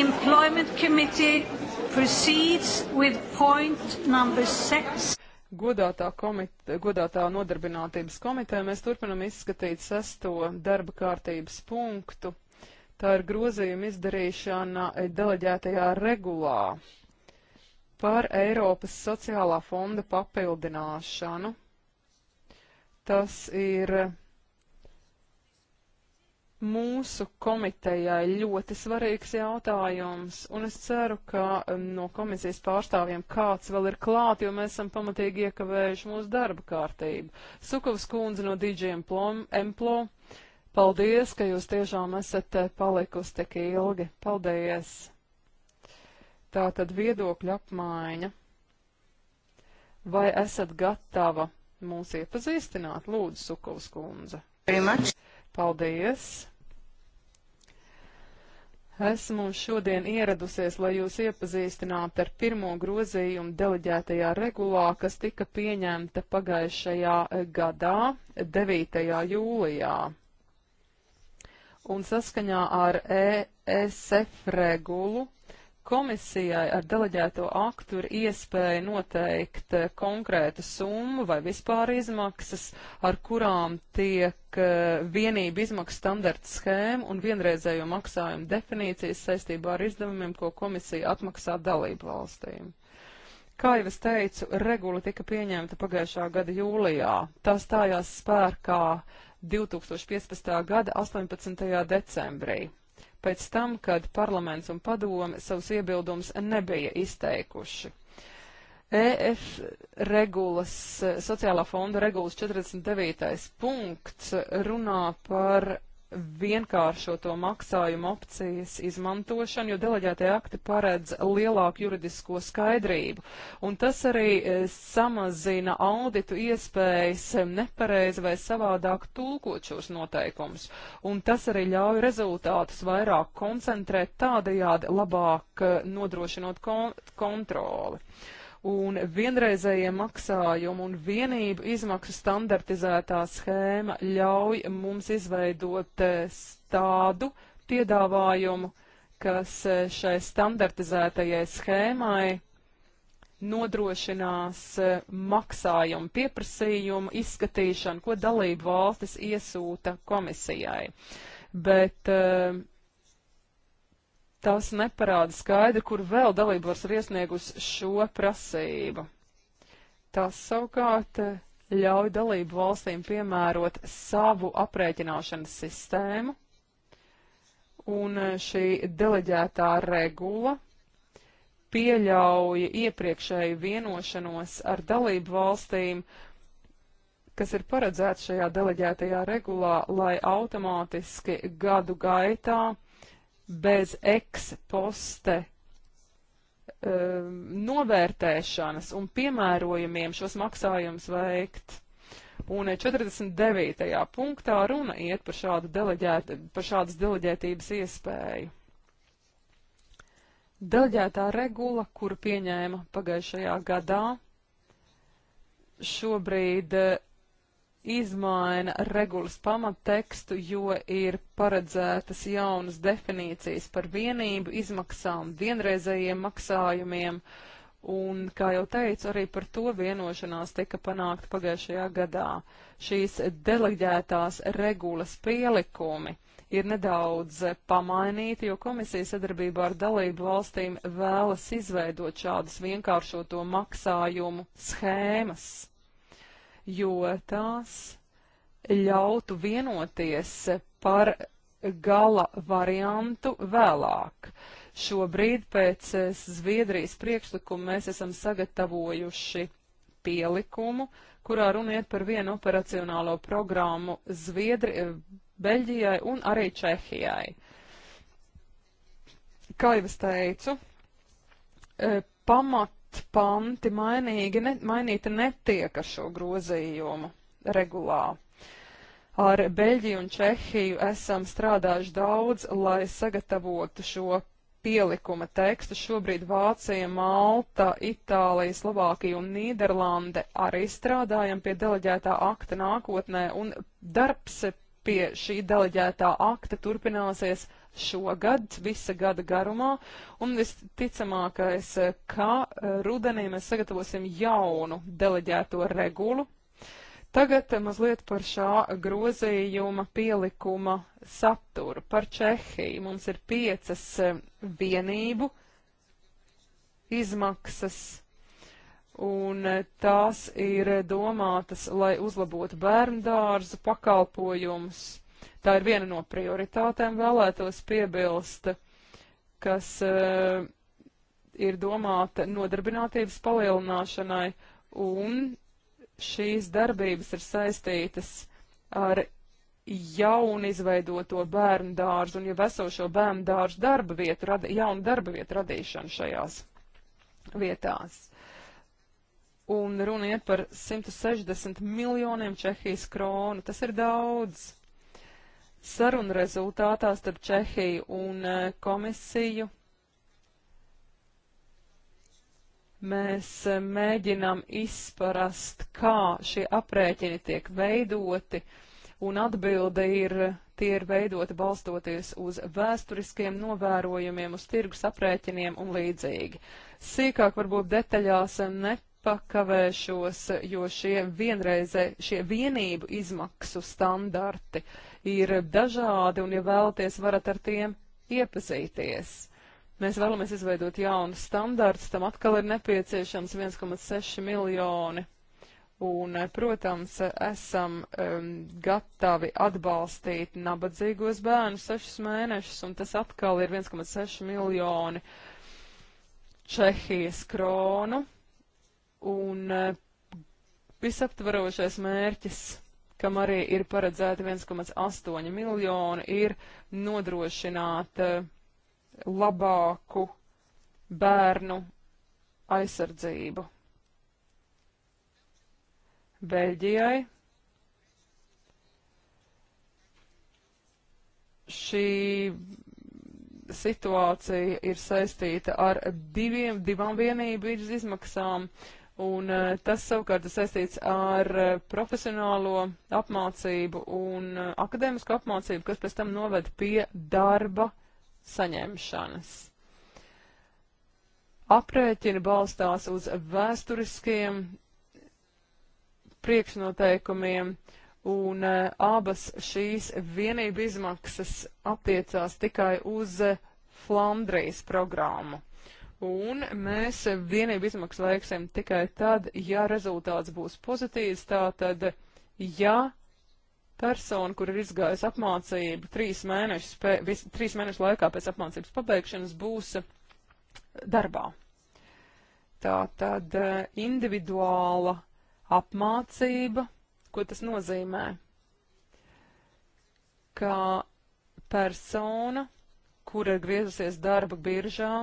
Employment Committee proceeds with point number six. Godātā, komit, godātā nodarbinātības komitē mēs turpinam izskatīt sesto darba kārtības punktu. Tā ir grozījuma izdarīšana deleģētajā regulā par Eiropas sociālā fonda papildināšanu. Tas ir mūsu komitejai ļoti svarīgs jautājums, un es ceru, ka um, no komisijas pārstāvjiem kāds vēl ir klāt, jo mēs esam pamatīgi iekavējuši mūsu darba kārtību. Sukovs kundze no DJ Emplo, paldies, ka jūs tiešām esat eh, palikusi tik ilgi. Paldies! Tā tad viedokļa apmaiņa. Vai esat gatava mūs iepazīstināt, lūdzu, Sukovs kundze? Piemačs. Paldies! Esmu šodien ieradusies, lai jūs iepazīstinātu ar pirmo grozījumu deleģētajā regulā, kas tika pieņemta pagājušajā eh, gadā, 9. jūlijā. Un saskaņā ar ESF regulu Komisijai ar deleģēto aktu ir iespēja noteikt eh, konkrētu summu vai vispār izmaksas, ar kurām tiek eh, vienība izmaksu standarta schēma un vienreizējo maksājumu definīcijas saistībā ar izdevumiem, ko komisija atmaksā dalību valstīm. Kā jau es teicu, regula tika pieņemta pagājušā gada jūlijā. Tā stājās spērkā 2015. gada 18. decembrī pēc tam, kad parlaments un padome savus iebildumus nebija izteikuši. EF regulas, sociālā fonda regulas 49. punkts runā par vienkāršoto maksājumu opcijas izmantošanu, jo deleģētie akti paredz lielāku juridisko skaidrību. Un tas arī e, samazina auditu iespējas e, nepareizi vai savādāk tulkot šos noteikumus. Un tas arī ļauj rezultātus vairāk koncentrēt tādajādi labāk e, nodrošinot kon kontroli. Uh, un vienreizējie maksājumi un vienību izmaksu standartizētā schēma ļauj mums izveidot eh, tādu piedāvājumu, kas eh, šai standartizētajai schēmai nodrošinās eh, maksājumu pieprasījumu izskatīšanu, ko dalību valstis iesūta komisijai. Bet uh, tās neparāda skaidri, kur vēl dalībvalsts ir iesniegusi šo prasību. Tas savukārt eh, ļauj dalību valstīm piemērot savu aprēķināšanas sistēmu, un eh, šī deleģētā regula pieļauj iepriekšēju vienošanos ar dalību valstīm, kas ir paredzēts šajā deleģētajā regulā, lai automātiski gadu gaitā bez eksposte um, novērtēšanas un piemērojumiem šos maksājumus veikt. Un 49. Eh, punktā runa iet par, šādu deleģēt, par šādas deleģētības iespēju. Deleģētā regula, kuru pieņēma pagājušajā gadā, šobrīd eh, izmaina regulas pamattekstu, jo ir paredzētas jaunas definīcijas par vienību, izmaksām, vienreizējiem maksājumiem, un, kā jau teicu, arī par to vienošanās tika panākta pagājušajā gadā. Šīs deleģētās regulas pielikumi ir nedaudz pamainīti, jo komisija sadarbībā ar dalību valstīm vēlas izveidot šādas vienkāršoto maksājumu schēmas jo tās ļautu vienoties par gala variantu vēlāk. Šobrīd pēc eh, Zviedrijas priekšlikuma mēs esam sagatavojuši pielikumu, kurā runiet par vienu operacionālo programmu Zviedri, eh, Beļģijai un arī Čehijai. Kā jau es teicu, eh, pamat panti mainīgi, ne, mainīti netiek ar šo grozījumu regulā. Ar Beļģiju un Čehiju esam strādājuši daudz, lai sagatavotu šo pielikuma tekstu. Šobrīd Vācija, Malta, Itālija, Slovākija un Nīderlande arī strādājam pie deleģētā akta nākotnē, un darbs pie šī deleģētā akta turpināsies šogad, visa gada garumā, un visticamākais, ka eh, rudenī mēs sagatavosim jaunu deleģēto regulu. Tagad eh, mazliet par šā grozījuma pielikuma saturu. Par Čehiju mums ir piecas eh, vienību izmaksas un tās ir domātas, lai uzlabotu bērnu dārzu pakalpojumus. Tā ir viena no prioritātēm, vēlētos piebilst, kas uh, ir domāta nodarbinātības palielināšanai, un šīs darbības ir saistītas ar jaunu izveidoto bērnu dārzu un jau esošo bērnu dārzu darba vietu, rad, jaunu darba vietu radīšanu šajās vietās. Un runa iet par 160 miljoniem Čehijas kronu. Tas ir daudz sarunu rezultātā starp Čehiju un eh, komisiju mēs eh, mēģinam izprast, kā šie aprēķini tiek veidoti, un atbilde ir, tie ir veidoti balstoties uz vēsturiskiem novērojumiem, uz tirgus aprēķiniem un līdzīgi. Sīkāk varbūt detaļās eh, nepakavēšos, jo šie vienreize, šie vienību izmaksu standarti ir dažādi, un, ja vēlaties, varat ar tiem iepazīties. Mēs vēlamies izveidot jaunu standārtu, tam atkal ir nepieciešams 1,6 miljoni. Un, protams, esam um, gatavi atbalstīt nabadzīgos bērnus 6 mēnešus, un tas atkal ir 1,6 miljoni Čehijas kronu. Un uh, visaptvarošais mērķis kam arī ir paredzēta 1,8 miljoni, ir nodrošināt eh, labāku bērnu aizsardzību. Beļģijai šī situācija ir saistīta ar diviem, divām vienību izmaksām. Uh, Un eh, tas savukārt ir saistīts ar eh, profesionālo apmācību un eh, akadēmisku apmācību, kas pēc tam noved pie darba saņemšanas. Aprēķini balstās uz vēsturiskiem priekšnoteikumiem, un abas šīs vienība izmaksas attiecās tikai uz Flandrijas programmu. Un mēs vienību izmaksu veiksim tikai tad, ja rezultāts būs pozitīvs, tātad, ja persona, kur ir izgājusi apmācību trīs mēnešus, pē, vis, trīs mēnešu laikā pēc apmācības pabeigšanas, būs darbā. Tā tad individuāla apmācība, ko tas nozīmē? Ka persona, kura ir griezusies darba biržā,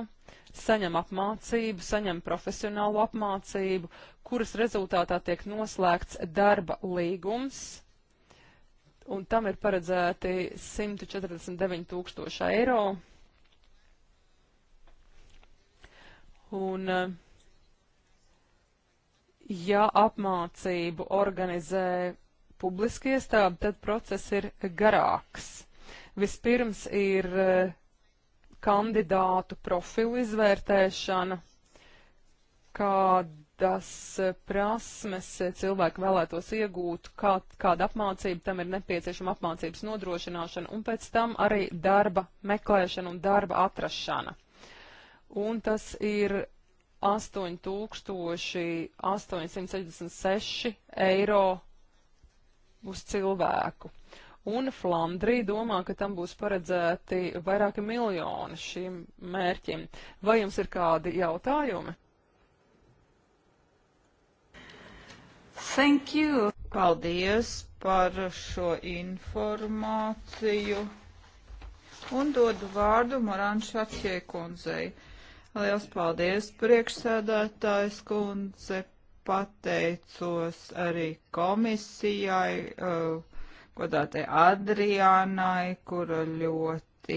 saņem apmācību, saņem profesionālu apmācību, kuras rezultātā tiek noslēgts darba līgums, un tam ir paredzēti 149 tūkstoši eiro. Un, eh, ja apmācību organizē publiski iestādi, tad process ir garāks. Vispirms ir uh, kandidātu profilu izvērtēšana, kādas prasmes cilvēki vēlētos iegūt, kā, kāda apmācība tam ir nepieciešama apmācības nodrošināšana un pēc tam arī darba meklēšana un darba atrašana. Un tas ir 8866 eiro uz cilvēku. Un Flandrija domā, ka tam būs paredzēti vairāki miljoni šīm mērķim. Vai jums ir kādi jautājumi? Thank you. Paldies par šo informāciju. Un dodu vārdu Moran Šačie kundzei. Liels paldies priekšsēdētājs kundze. Pateicos arī komisijai. Uh, godātai Adriānai, kura ļoti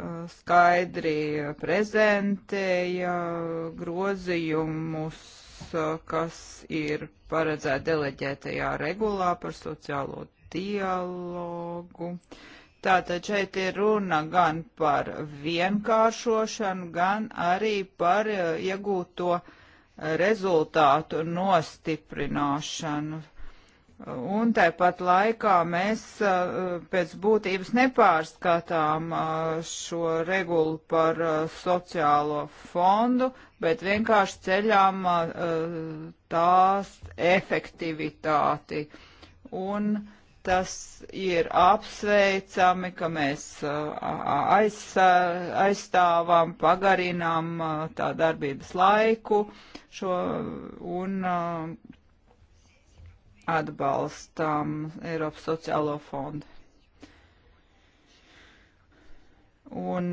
uh, skaidri prezentēja grozījumus, uh, kas ir paredzēti deleģētajā regulā par sociālo dialogu. Tātad šeit ir runa gan par vienkāršošanu, gan arī par uh, iegūto rezultātu nostiprināšanu. Uh, Un tāpat laikā mēs uh, pēc būtības nepārskatām uh, šo regulu par uh, sociālo fondu, bet vienkārši ceļām tās efektivitāti. Un tas ir apsveicami, ka mēs aiz, aizstāvām, pagarinām tā darbības laiku šo un atbalstām Eiropas sociālo fondu. Un,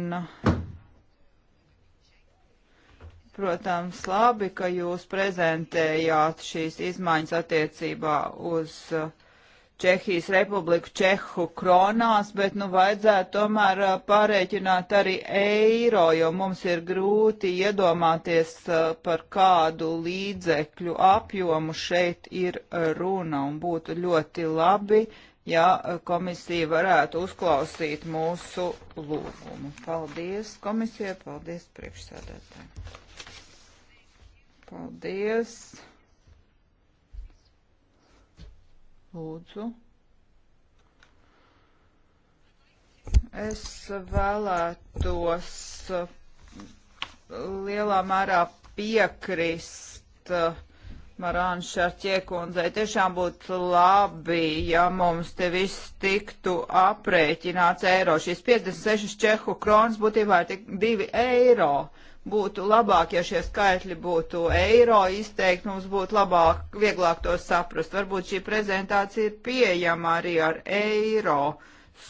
protams, labi, ka jūs prezentējāt šīs izmaiņas attiecībā uz uh, Čehijas republiku Čehu kronās, bet nu vajadzētu tomēr uh, pārēķināt arī eiro, jo mums ir grūti iedomāties uh, par kādu līdzekļu apjomu šeit ir uh, runa un būtu ļoti labi, ja komisija varētu uzklausīt mūsu lūgumu. Paldies komisijai, paldies priekšsēdētājiem. Paldies. Lūdzu. Es vēlētos uh, lielā mērā piekrist uh, Marāna Šarķiekundzei. Tiešām būtu labi, ja mums te viss tiktu aprēķināts eiro. Šīs 56 čehu kronas būtībā ir tik 2 eiro. Uh, būtu labāk, ja šie skaitļi būtu eiro izteikti, mums būtu labāk, vieglāk to saprast. Varbūt šī prezentācija ir pieejama arī ar eiro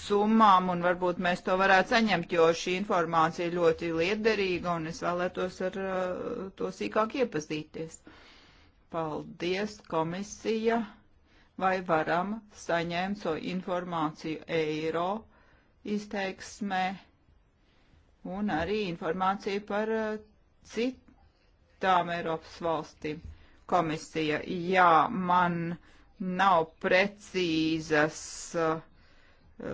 summām, un varbūt mēs to varētu saņemt, jo šī informācija ļoti liederīga, un es vēlētos ar uh, to sīkāk iepazīties. Paldies, komisija! Vai varam saņemt šo so informāciju eiro izteiksmē? un arī informāciju par uh, citām Eiropas valstīm. Komisija, jā, man nav precīzas uh,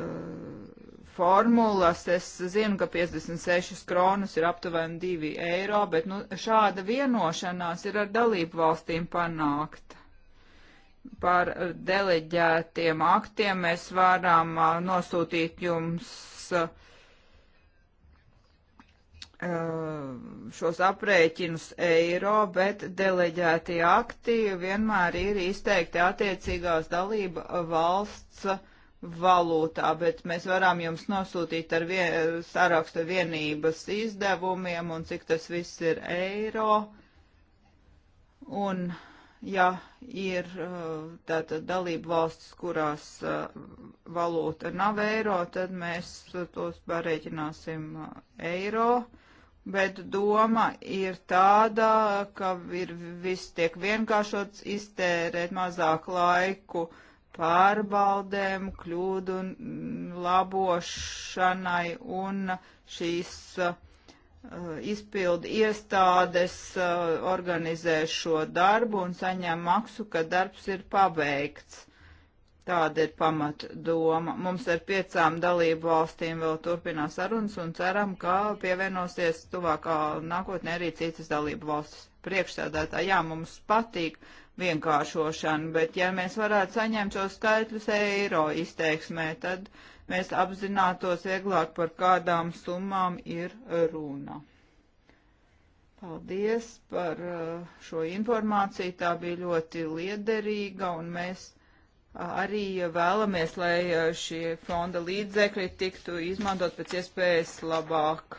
formulas. Es zinu, ka 56 kronus ir aptuveni 2 eiro, bet nu, šāda vienošanās ir ar dalību valstīm panākta par deleģētiem aktiem mēs varam a, uh, nosūtīt jums a, uh, Uh, šos aprēķinus eiro, bet deleģētie akti vienmēr ir izteikti attiecīgās dalība valsts valūtā, bet mēs varam jums nosūtīt ar vien, sarakstu vienības izdevumiem un cik tas viss ir eiro. Un, ja ir uh, tātad dalība valsts, kurās uh, valūta nav eiro, tad mēs tos pārēķināsim eiro bet doma ir tāda, ka ir viss tiek vienkāršots, iztērēt mazāk laiku pārbaudēm, kļūdu labošanai un šīs uh, izpildu iestādes uh, organizē šo darbu un saņem maksu, ka darbs ir paveikts. Tāda ir pamat doma. Mums ar piecām dalību valstīm vēl turpinās sarunas un ceram, ka pievienosies tuvākā nākotnē arī citas dalību valstis priekšsēdētāji. Jā, mums patīk vienkāršošana, bet ja mēs varētu saņemt šos skaitļus eiro izteiksmē, tad mēs apzinātos vieglāk par kādām summām ir runa. Paldies par uh, šo informāciju, tā bija ļoti liederīga un mēs arī vēlamies, lai e, šie fonda līdzekļi tiktu izmantot pēc iespējas labāk.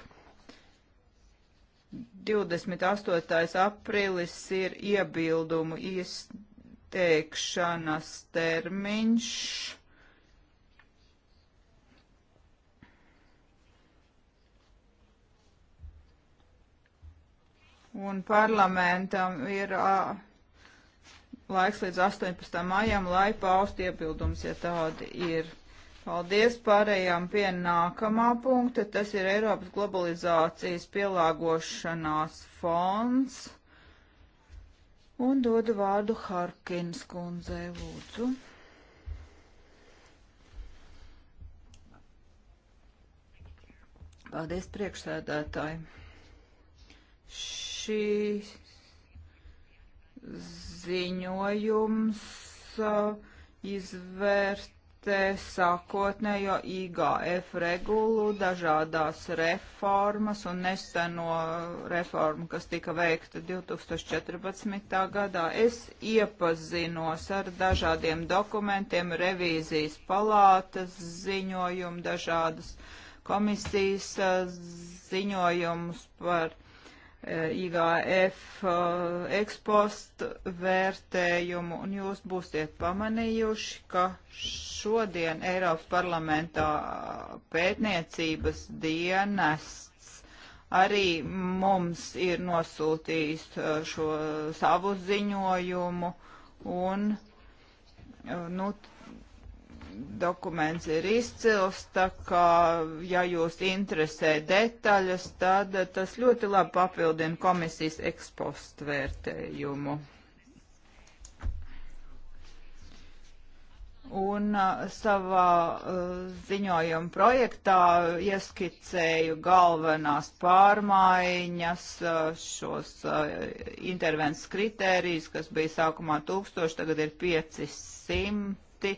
28. aprīlis ir iebildumu izteikšanas termiņš. Un parlamentam ir. Uh, laiks līdz 18. maijam, lai paust iebildums, ja tādi ir. Paldies, pārējām pie nākamā punkta. Tas ir Eiropas globalizācijas pielāgošanās fonds. Un dodu vārdu Harkins kundzei, lūdzu. Paldies, priekšsēdētāji. Šīs ziņojums uh, izvērtē sākotnējo IGF regulu, dažādās reformas un neseno reformu, kas tika veikta 2014. gadā. Es iepazinos ar dažādiem dokumentiem, revīzijas palātas ziņojumu, dažādas komisijas uh, ziņojumus par IGF uh, ekspostu vērtējumu, un jūs būsiet pamanījuši, ka šodien Eiropas parlamentā pētniecības dienests arī mums ir nosūtījis uh, šo savu ziņojumu, un, uh, nu, dokuments ir izcils, tā kā, ja jūs interesē detaļas, tad tas ļoti labi papildina komisijas ekspostu vērtējumu. Un savā ziņojuma projektā ieskicēju galvenās pārmaiņas, šos intervences kritērijus, kas bija sākumā tūkstoši, tagad ir 500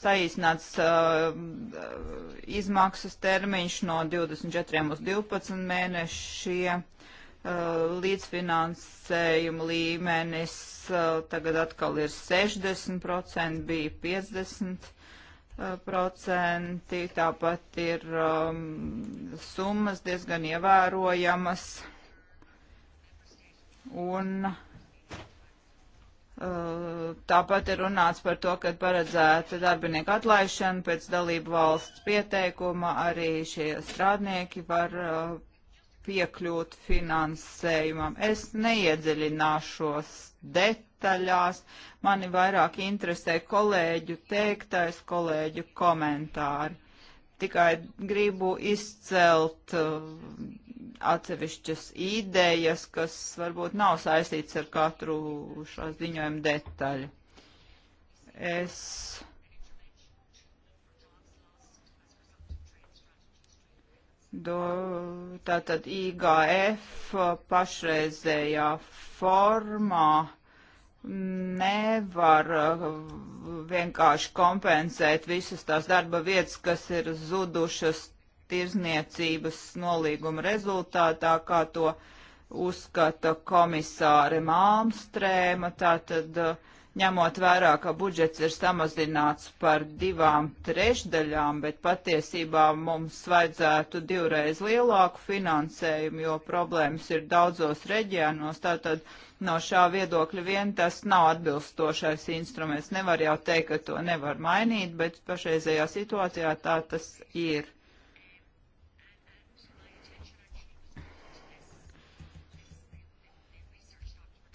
saīsināts uh, izmaksas termiņš no 24 uz 12 mēnešiem, uh, līdzfinansējuma līmenis uh, tagad atkal ir 60%, bija 50%. Uh, procenti, tāpat ir um, summas diezgan ievērojamas. Un uh, Eh, tāpat ir runāts par to, ka paredzēta darbinieku atlaišana pēc dalību valsts pieteikuma arī šie strādnieki var eh, piekļūt finansējumam. Es neiedziļināšos detaļās, mani vairāk interesē kolēģu teiktais, kolēģu komentāri. Tikai gribu izcelt uh, atsevišķas idejas, kas varbūt nav saistīts ar katru šā ziņojuma detaļu. Es Do, tātad IGF pašreizējā formā nevar uh, vienkārši kompensēt visas tās darba vietas, kas ir zudušas tirzniecības nolīguma rezultātā, kā to uzskata komisāre Malmstrēma. Tātad, eh, ņemot vērā, ka budžets ir samazināts par divām trešdaļām, bet patiesībā mums vajadzētu divreiz lielāku finansējumu, jo problēmas ir daudzos reģionos. Tātad no šā viedokļa vien tas nav atbilstošais instruments. Nevar jau teikt, ka to nevar mainīt, bet pašreizējā situācijā tā tas ir.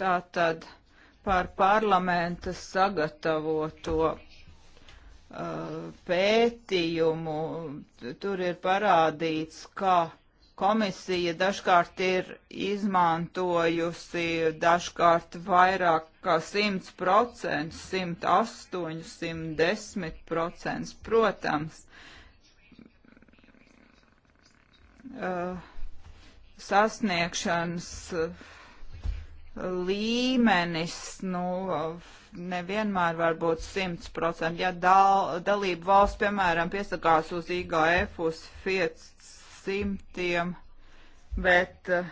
Tātad par parlamenta sagatavoto uh, pētījumu, tur ir parādīts, ka komisija dažkārt ir izmantojusi dažkārt vairāk kā 100%, 108, 110%, protams. Uh, sasniegšanas līmenis, nu, nevienmēr var būt 100%. Ja dal, dalība valsts, piemēram, piesakās uz IGF uz 500, bet uh,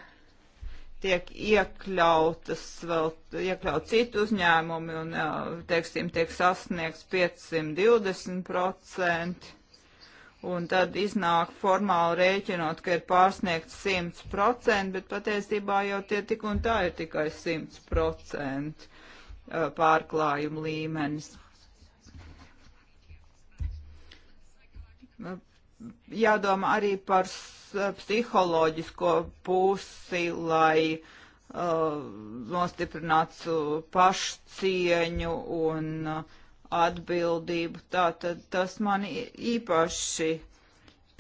tiek iekļautas vēl, iekļaut citu uzņēmumi un, eh, teiksim, tiek sasniegts 520% un tad iznāk formāli rēķinot, ka ir pārsniegts 100%, bet patiesībā jau tie tik un tā ir tikai 100% uh, pārklājuma līmenis. Uh, jādomā arī par uh, psiholoģisko pusi, lai uh, nostiprinātu pašcieņu un uh, atbildību. Tātad tas mani īpaši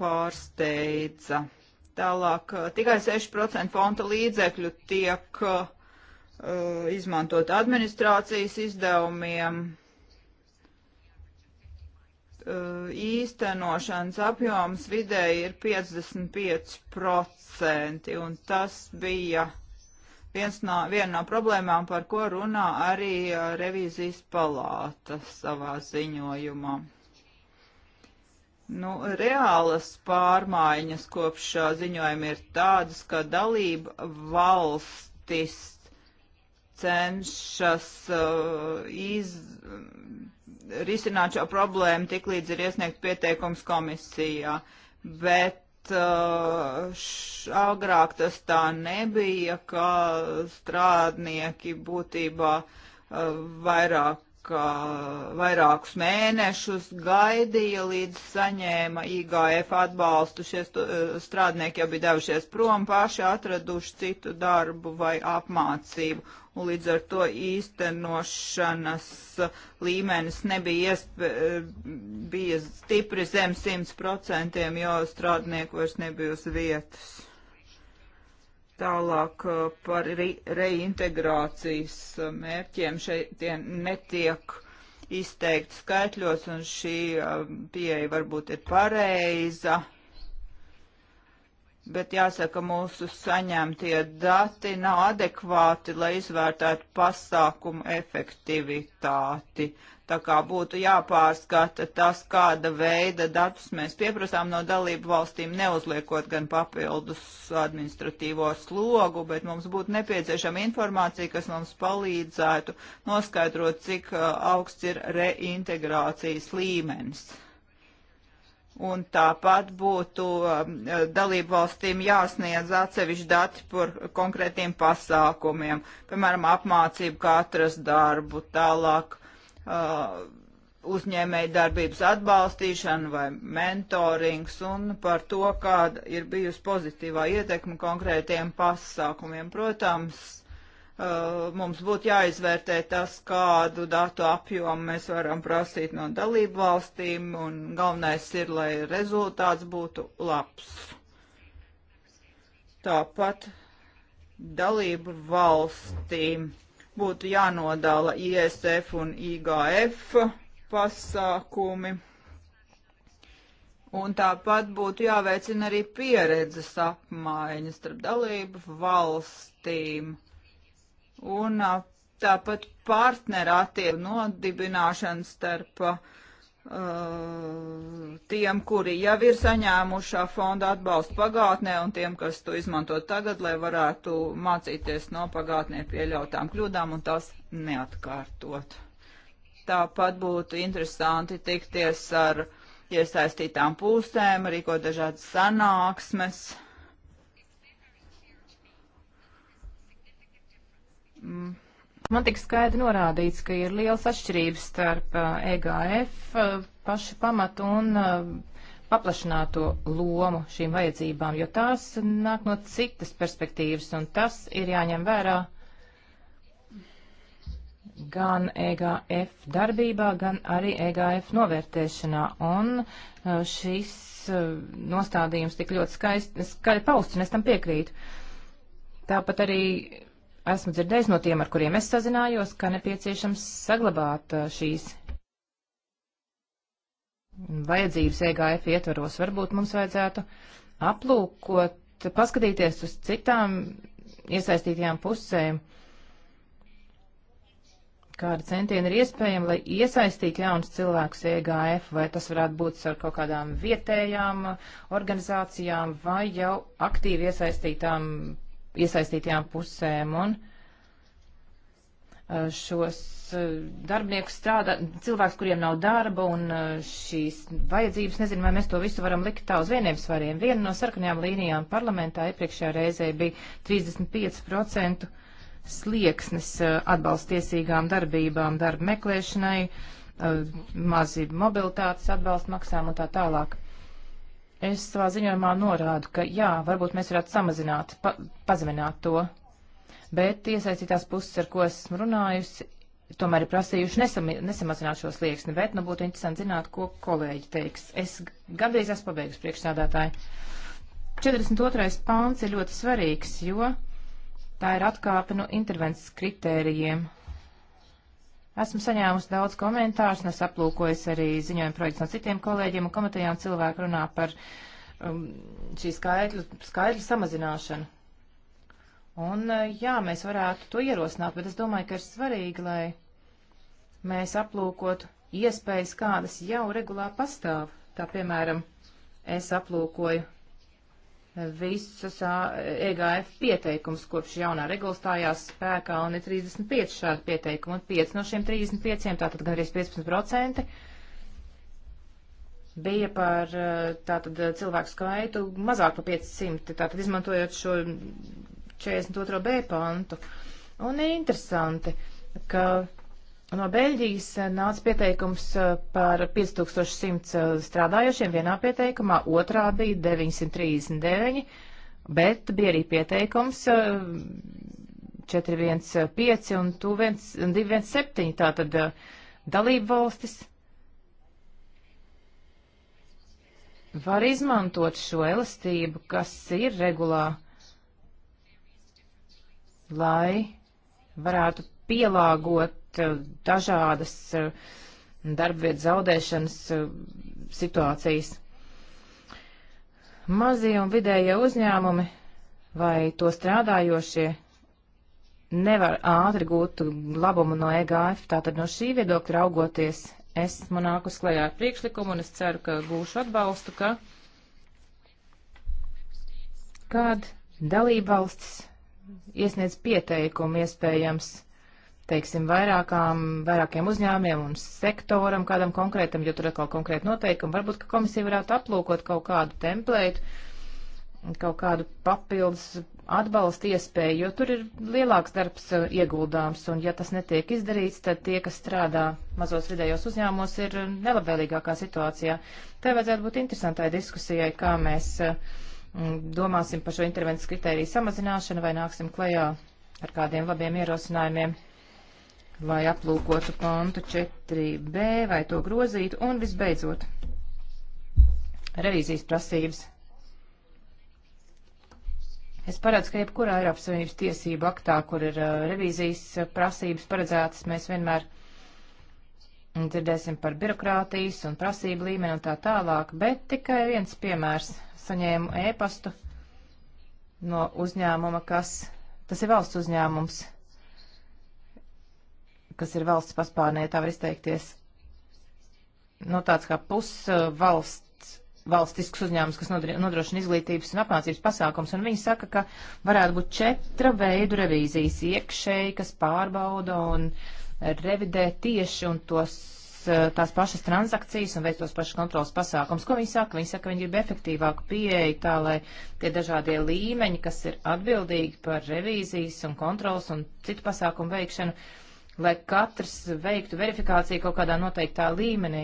pārsteidza. Tālāk tikai 6% fonta līdzekļu tiek uh, izmantot administrācijas izdevumiem. Uh, īstenošanas apjoms vidēji ir 55%, un tas bija uh, viens no, viena no problēmām, par ko runā arī uh, revīzijas palāta savā ziņojumā. Nu, reālas pārmaiņas kopš šā ziņojuma ir tādas, ka dalība valstis cenšas uh, iz, risināt šo problēmu tik līdz ir iesniegt pieteikums komisijā, bet Uh, agrāk tas tā nebija, ka strādnieki būtībā uh, vairāk vairākus mēnešus gaidīja, līdz saņēma IGF atbalstu. Šie e, strādnieki jau bija devušies prom, paši atraduši citu darbu vai apmācību. Un līdz ar to īstenošanas līmenis nebija iespē, e, bija stipri zem 100%, jo strādnieku vairs nebija uz vietas. Tālāk uh, par reintegrācijas uh, mērķiem šeit tie netiek izteikti skaitļos, un šī um, pieeja varbūt ir pareiza. Bet jāsaka, mūsu saņemtie dati nav adekvāti, lai izvērtētu pasākumu efektivitāti. Tā kā būtu jāpārskata tas, kāda veida datus mēs pieprasām no dalību valstīm, neuzliekot gan papildus administratīvo slogu, bet mums būtu nepieciešama informācija, kas mums palīdzētu noskaidrot, cik uh, augsts ir reintegrācijas līmenis. Un tāpat būtu um, dalību valstīm jāsniedz atsevišķi dati par konkrētiem pasākumiem, piemēram, apmācību, kā atrast darbu, tālāk uh, uzņēmēju darbības atbalstīšana vai mentorings un par to, kāda ir bijusi pozitīvā ietekme konkrētiem pasākumiem. Protams, uh, mums būtu jāizvērtē tas, kādu datu apjomu mēs varam prasīt no dalību valstīm, un galvenais ir, lai rezultāts būtu labs. Tāpat dalību valstīm būtu jānodala ISF un IGF pasākumi. Un tāpat būtu jāveicina arī pieredzes apmaiņas starp dalību valstīm. Un tāpat partneru attieku nodibināšana starp uh, Uh, tiem, kuri jau ir saņēmušā fonda atbalstu pagātnē un tiem, kas to izmanto tagad, lai varētu mācīties no pagātnē pieļautām kļūdām un tās neatkārtot. Tāpat būtu interesanti tikties ar iesaistītām pūstēm, rīkot dažādas sanāksmes. Mm Man tik skaidri norādīts, ka ir liels atšķirības starp uh, EGF uh, pašu pamatu un uh, paplašināto lomu šīm vajadzībām, jo tās nāk no citas perspektīvas, un tas ir jāņem vērā gan EGF darbībā, gan arī EGF novērtēšanā. Un šis nostādījums tik ļoti skaisti, skaisti pausts, un es tam piekrītu. Tāpat arī esmu dzirdējis no tiem, ar kuriem es sazinājos, ka nepieciešams saglabāt šīs vajadzības EGF ietvaros. Varbūt mums vajadzētu aplūkot, paskatīties uz citām iesaistītajām pusēm, kāda centiena ir iespējama, lai iesaistītu jaunus cilvēkus EGF, vai tas varētu būt ar kaut kādām vietējām organizācijām vai jau aktīvi iesaistītām iesaistītajām pusēm un eh, šos eh, darbiniekus strādā, cilvēks, kuriem nav darba un eh, šīs vajadzības, nezinu, vai mēs to visu varam likt tā uz vieniem svariem. Viena no sarkanajām līnijām parlamentā iepriekšējā reizē bija 35% slieksnis atbalstiesīgām darbībām, darba meklēšanai, mazi mobilitātes atbalsta maksām un tā tālāk. Es savā ziņojumā norādu, ka jā, varbūt mēs varētu samazināt, pa, pazemināt to, bet iesaistītās puses, ar ko esmu runājusi, tomēr ir prasījuši nesam, nesamazināt šo slieksni, bet nu būtu interesanti zināt, ko kolēģi teiks. Es gandrīz esmu pabeigusi priekšsādātāju. 42. pāns ir ļoti svarīgs, jo tā ir atkāpe no intervences kritērijiem Esmu saņēmusi daudz komentārus, un es aplūkoju arī ziņojumu projektu no citiem kolēģiem un komitejām. Cilvēki runā par um, šī skaitļu, skaitļu samazināšanu. Un, uh, jā, mēs varētu to ierosināt, bet es domāju, ka ir svarīgi, lai mēs aplūkotu iespējas, kādas jau regulā pastāv. Tā, piemēram, es aplūkoju visus EGF pieteikumus kopš jaunā regulstājās spēkā un ir 35 šādi pieteikumi un 5 no šiem 35, tātad gandrīz 15% bija par tātad cilvēku skaitu mazāk par 500, tātad izmantojot šo 42. B pantu. Un interesanti, ka No Beļģijas eh, nāca pieteikums eh, par 5100 eh, strādājošiem vienā pieteikumā, otrā bija 939, bet bija arī pieteikums 415 un 217, tātad dalību valstis var izmantot šo elastību, kas ir regulā, lai varētu pielāgot Eh, dažādas eh, darbvietas zaudēšanas eh, situācijas. Mazie un vidējie uzņēmumi vai to strādājošie nevar ātri gūt labumu no EGF. Tātad no šī viedokļa raugoties, es nāku sklajā ar priekšlikumu un es ceru, ka gūšu atbalstu, ka kāda dalībvalsts iesniedz pieteikumu iespējams teiksim, vairākām, vairākiem uzņēmiem un sektoram kādam konkrētam, jo tur atkal konkrēti noteikumi. Varbūt, ka komisija varētu aplūkot kaut kādu templētu, kaut kādu papildus atbalsta iespēju, jo tur ir lielāks darbs uh, ieguldāms, un ja tas netiek izdarīts, tad tie, kas strādā mazos vidējos uzņēmumos, ir uh, nelabvēlīgākā situācijā. Tā vajadzētu būt interesantai diskusijai, kā mēs uh, domāsim par šo intervences kritēriju samazināšanu vai nāksim klajā ar kādiem labiem ierosinājumiem lai aplūkotu kontu 4b vai to grozītu, un visbeidzot, revīzijas prasības. Es paredzu, ka jebkurā Eiropas Savienības tiesību aktā, kur ir uh, revīzijas uh, prasības paredzētas, mēs vienmēr dzirdēsim par birokrātijas un prasību līmeni un tā tālāk, bet tikai viens piemērs saņēmu ēpastu no uzņēmuma, kas, tas ir valsts uzņēmums, kas ir valsts paspārnē, tā var izteikties, no nu, tāds kā pusvalsts valstisks uzņēmums, kas nodrošina izglītības un apmācības pasākums, un viņi saka, ka varētu būt četra veidu revīzijas iekšēji, kas pārbauda un revidē tieši un tos, tās pašas transakcijas un veic tos pašus kontrolas pasākums. Ko viņi saka? Viņi saka, viņi grib efektīvāku pieeju tā, lai tie dažādie līmeņi, kas ir atbildīgi par revīzijas un kontrolas un citu pasākumu veikšanu, uh, lai katrs veiktu verifikāciju kaut kādā noteiktā līmenī.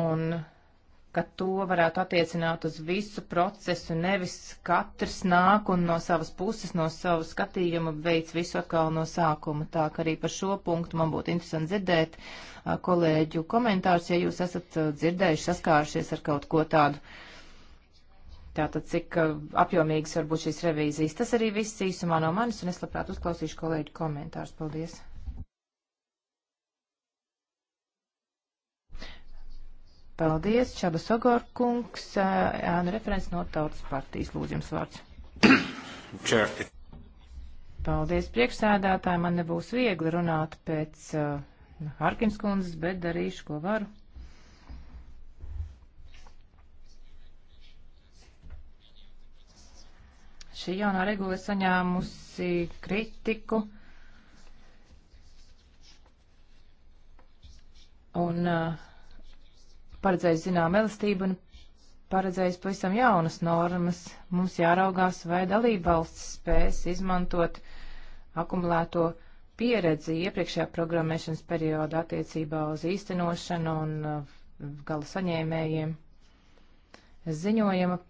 Un ka to varētu attiecināt uz visu procesu, nevis katrs nāk un no savas puses, no savu skatījumu veic visu atkal no sākuma. Tā ka arī par šo punktu man būtu interesanti dzirdēt kolēģu komentārus, ja jūs esat dzirdējuši, saskārušies ar kaut ko tādu. Uh, Tātad, cik uh, apjomīgas var būt šīs revīzijas. Tas arī viss īsumā no manis, un es labprāt uzklausīšu kolēģu komentārus. Paldies! Paldies, Čaba Sogorkungs, uh, ēnu referents no Tautas partijas. Lūdzu, jums vārds. Čerti. Paldies, priekšsēdētāji. Man nebūs viegli runāt pēc uh, Harkins kundzes, bet darīšu, ko varu. Šī jaunā regula saņēmusi kritiku. Un uh, paredzējis zinām elastību un paredzējis pavisam jaunas normas. Mums jāraugās, vai dalībvalsts spēs izmantot akumulēto pieredzi iepriekšējā programmēšanas perioda attiecībā uz īstenošanu un uh, gala saņēmējiem. Ziņojuma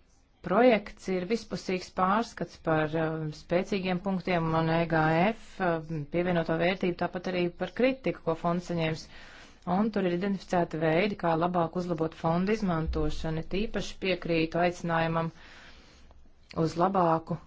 projekts ir vispusīgs pārskats par uh, spēcīgiem punktiem un EGF uh, um, pievienoto vērtību, tāpat arī par kritiku, ko fonds saņems. Un tur ir identificēti veidi, kā labāk uzlabot fondu izmantošanu. Tīpaši piekrītu aicinājumam uz labāku uh,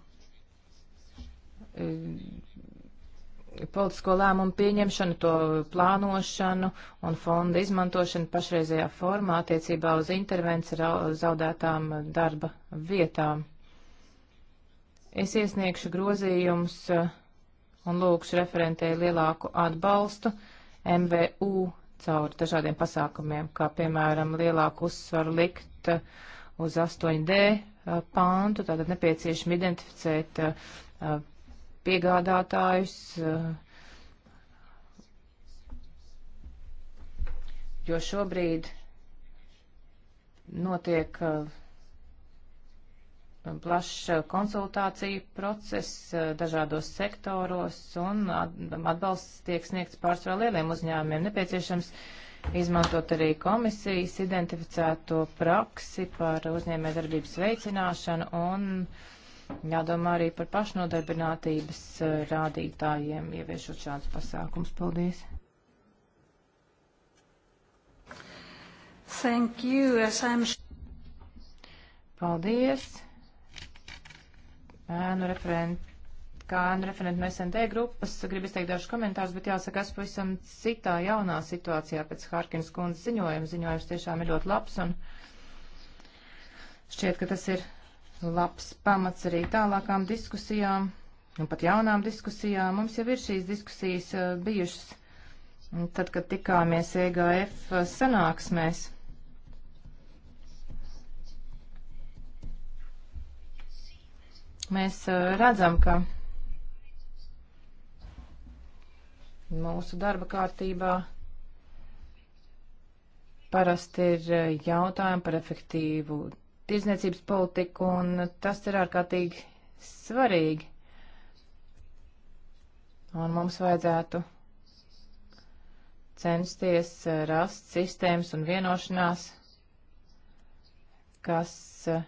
politisko lēmumu pieņemšanu, to plānošanu un fonda izmantošanu pašreizējā formā attiecībā uz intervenci zaudētām darba vietām. Es iesniegšu grozījumus eh, un lūkšu referentēju lielāku atbalstu MVU caur dažādiem pasākumiem, kā piemēram lielāku uzsvaru likt eh, uz 8D eh, pāntu, tātad nepieciešami identificēt piegādātājus, eh, jo šobrīd notiek eh, plašs konsultāciju process eh, dažādos sektoros un atbalsts tiek sniegts pārsvarā lieliem uzņēmumiem. Nepieciešams izmantot arī komisijas identificēto praksi par uzņēmē darbības veicināšanu un uh, Jādomā arī par pašnodarbinātības eh, rādītājiem, ieviešot šādus pasākums. Paldies! Thank you, as I'm... Paldies! Ēnu referenti kā referenta no SND grupas, gribu izteikt dažus komentārus, bet jāsaka, es pavisam citā jaunā situācijā pēc Harkins kundzes ziņojuma. Ziņojums tiešām ir ļoti labs un šķiet, ka tas ir labs pamats arī tālākām diskusijām un pat jaunām diskusijām. Mums jau ir šīs diskusijas eh, bijušas, tad, kad tikāmies EGF eh, sanāksmēs. Mēs eh, redzam, ka mūsu darba kārtībā parasti ir jautājumi par efektīvu tirzniecības politiku, un tas ir ārkārtīgi svarīgi. Un mums vajadzētu censties eh, rast sistēmas un vienošanās, kas eh,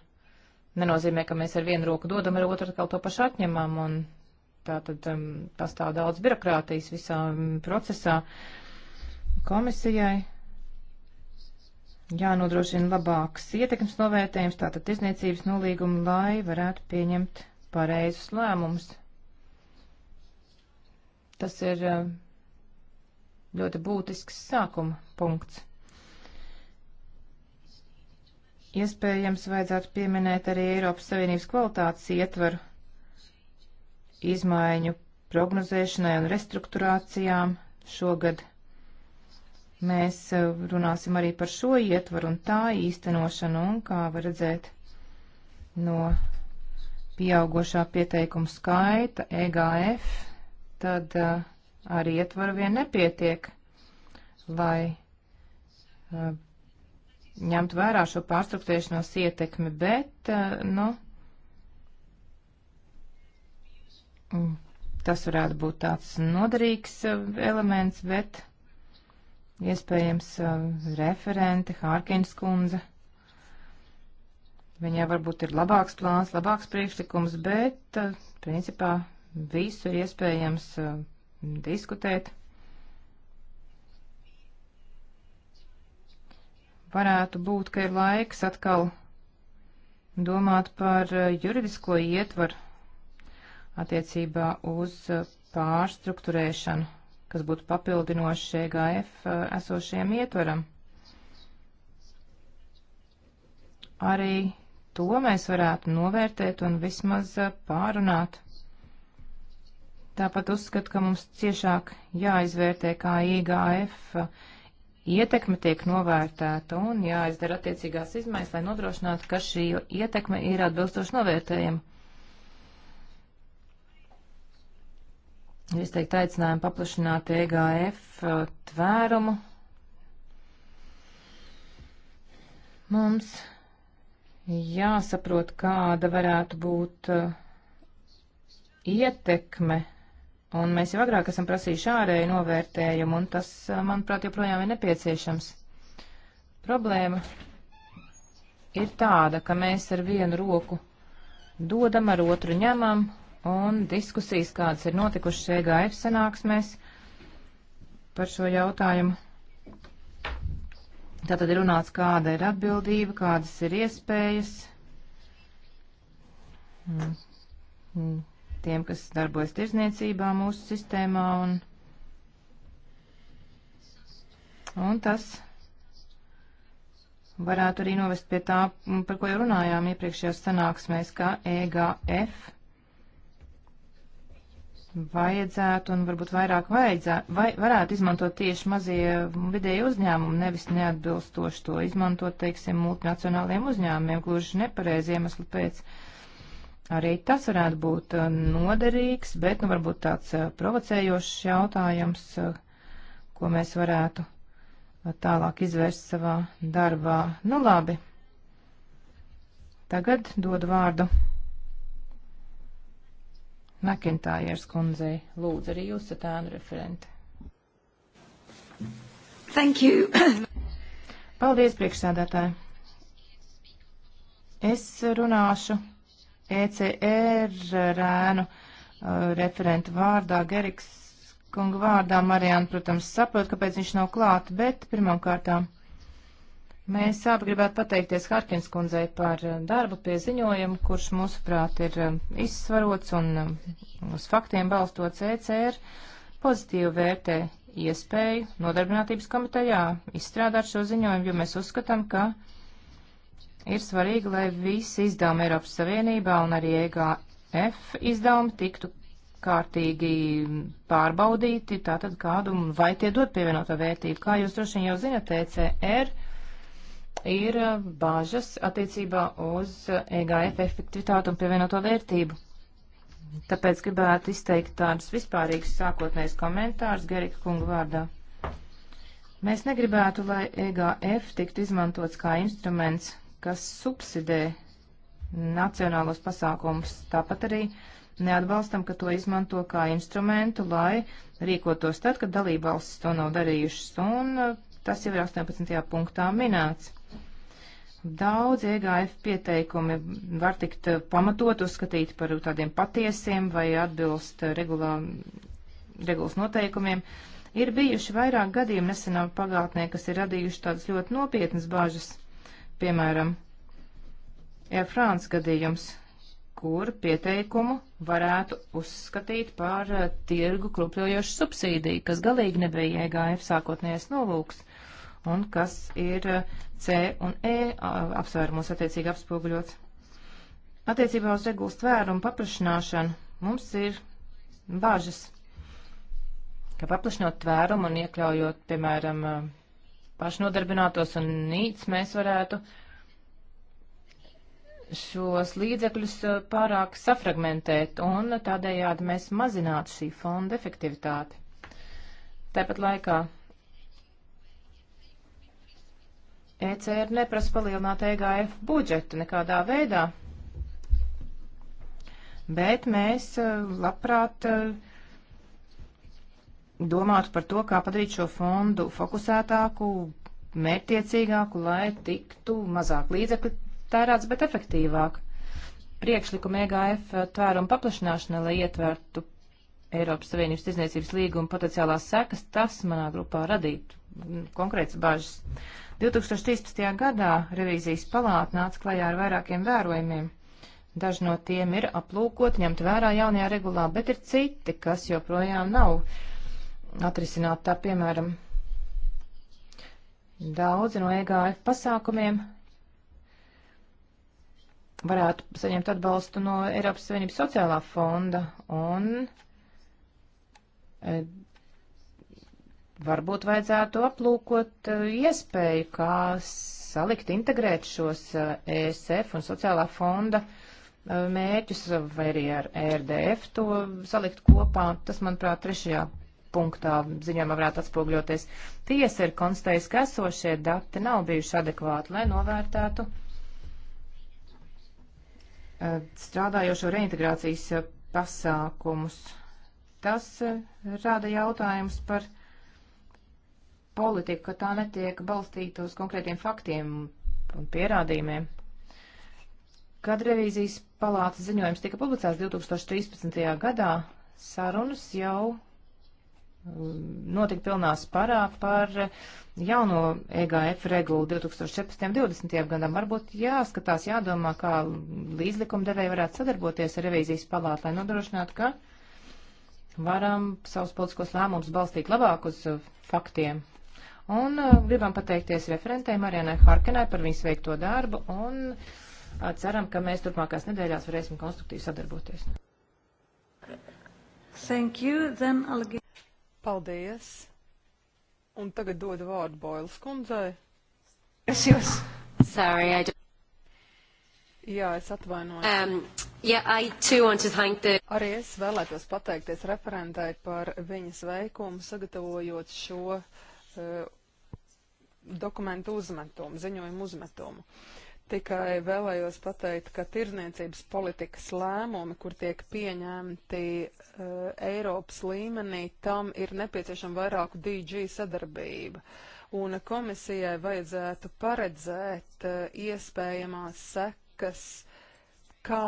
nenozīmē, ka mēs ar vienu roku dodam, ar otru atkal to pašu atņemam, un tā tad um, pastāv daudz birokrātijas visā mm, procesā komisijai jānodrošina labāks ietekmes novērtējums, tātad tirzniecības nolīgumu, lai varētu pieņemt pareizus lēmumus. Tas ir eh, ļoti būtisks sākuma punkts. Iespējams, vajadzētu pieminēt arī Eiropas Savienības kvalitātes ietvaru izmaiņu prognozēšanai un restruktūrācijām šogad Mēs eh, runāsim arī par šo ietvaru un tā īstenošanu, un kā var redzēt no pieaugošā pieteikuma skaita EGF, tad eh, ar ietvaru vien nepietiek, lai eh, ņemt vērā šo pārstruktūrēšanos ietekmi, bet, nu, mm, tas varētu būt tāds noderīgs elements, bet Iespējams, uh, referente Hārkins kundze. Viņai varbūt ir labāks plāns, labāks priekšlikums, bet uh, principā visu ir iespējams uh, diskutēt. Varētu būt, ka ir laiks atkal domāt par juridisko ietvaru attiecībā uz pārstruktūrēšanu kas būtu papildinošs EGF eh, esošajam ietvaram. Arī to mēs varētu novērtēt un vismaz eh, pārunāt. Tāpat uzskatu, ka mums ciešāk jāizvērtē, kā IGF eh, ietekme tiek novērtēta un jāizdara attiecīgās izmaiņas, lai nodrošinātu, ka šī ietekme ir atbilstoši novērtējama. Es teiktu, aicinājumu paplašināt EGF uh, tvērumu. Mums jāsaprot, kāda varētu būt uh, ietekme, un mēs jau agrāk esam prasījuši ārēju novērtējumu, un tas, uh, manuprāt, joprojām ir nepieciešams. Problēma ir tāda, ka mēs ar vienu roku dodam, ar otru ņemam, un diskusijas, kādas ir notikušas EGF sanāksmēs par šo jautājumu. Tātad ir runāts, kāda ir atbildība, kādas ir iespējas mm. Mm. tiem, kas darbojas tirzniecībā mūsu sistēmā, un, un tas varētu arī novest pie tā, par ko jau runājām iepriekšējās sanāksmēs, ka EGF vajadzētu un varbūt vairāk vajadzētu, vai, varētu izmantot tieši mazie vidēji uzņēmumi, nevis neatbilstoši to izmantot, teiksim, multinacionāliem uzņēmumiem, gluži nepareizi iemesli pēc. Arī tas varētu būt uh, noderīgs, bet nu, varbūt tāds uh, provocējošs jautājums, uh, ko mēs varētu tālāk izvērst savā darbā. Nu labi, tagad dodu vārdu Makintājers kundzei. Lūdzu, arī jūs esat ēnu referente. Thank you. Paldies, priekšsādātāji. Es runāšu ECR rēnu uh, referentu vārdā, Geriks kunga vārdā. Marijāna, protams, saprot, kāpēc viņš nav klāt, bet pirmām kārtām Mēs abi gribētu pateikties Harkins kundzei par eh, darbu pie ziņojumu, kurš mūsuprāt ir eh, izsvarots un eh, uz faktiem balstots ECR pozitīvi vērtē iespēju nodarbinātības komitejā izstrādāt šo ziņojumu, jo mēs uzskatām, ka ir svarīgi, lai visi izdevumi Eiropas Savienībā un arī EGF izdevumi tiktu kārtīgi pārbaudīti, tātad kādu, vai tie dod pievienoto vērtību. Kā jūs droši vien jau zinat, ECR ir uh, bāžas attiecībā uz uh, EGF efektivitātu un pievienoto vērtību. Tāpēc gribētu izteikt tādus vispārīgus sākotnējus komentārus Gerika kunga vārdā. Mēs negribētu, lai EGF tiktu izmantots kā instruments, kas subsidē nacionālos pasākumus. Tāpat arī neatbalstam, ka to izmanto kā instrumentu, lai rīkotos tad, kad dalībvalstis to nav darījušas, un uh, tas jau ir 18. punktā minēts. Daudz EGF pieteikumi var tikt eh, pamatot uzskatīt par tādiem patiesiem vai atbilst eh, regulā, regulas noteikumiem. Ir bijuši vairāk gadījumi nesenā pagātnē, kas ir radījuši tādas ļoti nopietnas bāžas, piemēram, Air France gadījums, kur pieteikumu varētu uzskatīt par eh, tirgu krupļojošu subsīdiju, kas galīgi nebija EGF sākotnējais nolūks un kas ir eh, C un E apsvērumos attiecīgi apspoguļots. Attiecībā uz regulas tvērumu paplašināšanu mums ir bažas, ka paplašinot tvērumu un iekļaujot, piemēram, eh, pašnodarbinātos un nīts, mēs varētu šos līdzekļus eh, pārāk safragmentēt, un tādējādi mēs mazinātu šī fonda efektivitāti. Tāpat laikā ECR neprasa palielināt EGF budžetu nekādā veidā, bet mēs eh, labprāt eh, domātu par to, kā padarīt šo fondu fokusētāku, mērķtiecīgāku, lai tiktu mazāk līdzekļu tērēts, bet efektīvāk. Priekšlikuma EGF tvērumu paplašināšana, lai ietvertu Eiropas Savienības tirdzniecības līguma potenciālās sekas, tas manā grupā radītu konkrēts bažas. 2013. gadā revīzijas palāta nāca klajā ar vairākiem vērojumiem. Daži no tiem ir aplūkot, ņemt vērā jaunajā regulā, bet ir citi, kas joprojām nav atrisināti tā, piemēram, daudzi no EGF pasākumiem varētu saņemt atbalstu no Eiropas Savienības sociālā fonda un eh, Varbūt vajadzētu aplūkot eh, iespēju, kā salikt, integrēt šos ESF eh, e un sociālā fonda eh, mērķus, vai arī ar ERDF to salikt kopā. Tas, manuprāt, trešajā punktā ziņojumā varētu atspogļoties. Tiesa ir konstatējusi, ka esošie dati nav bijuši adekvāti, lai novērtētu strādājošo reintegrācijas pasākumus. Tas rada jautājums par politika, ka tā netiek balstīta uz konkrētiem faktiem un pierādījumiem. Kad revīzijas palātas ziņojums tika publicēts 2013. gadā, sarunas jau mm, notika pilnā sparā par jauno EGF regulu 2014.20. gadam. Varbūt jāskatās, jādomā, kā līdzlikuma devēja varētu sadarboties ar revīzijas palātu, lai nodrošinātu, ka varam savus politiskos lēmumus balstīt labāk uz faktiem Un uh, gribam pateikties referentei Marianai Harkenai par viņas veikto darbu un uh, ceram, ka mēs turpmākās nedēļās varēsim konstruktīvi sadarboties. Thank you, then I'll give... Paldies. Un tagad dodu vārdu Boilas kundzei. Es jūs. Sorry, I don't... Jā, es atvainojos. Um, yeah, I too want to thank the... Arī es vēlētos pateikties referentai par viņas veikumu, sagatavojot šo uh, dokumentu uzmetumu, ziņojumu uzmetumu. Tikai vēlējos pateikt, ka tirzniecības politikas lēmumi, kur tiek pieņemti uh, Eiropas līmenī, tam ir nepieciešama vairāku DG sadarbība. Un komisijai vajadzētu paredzēt uh, iespējamās sekas, kā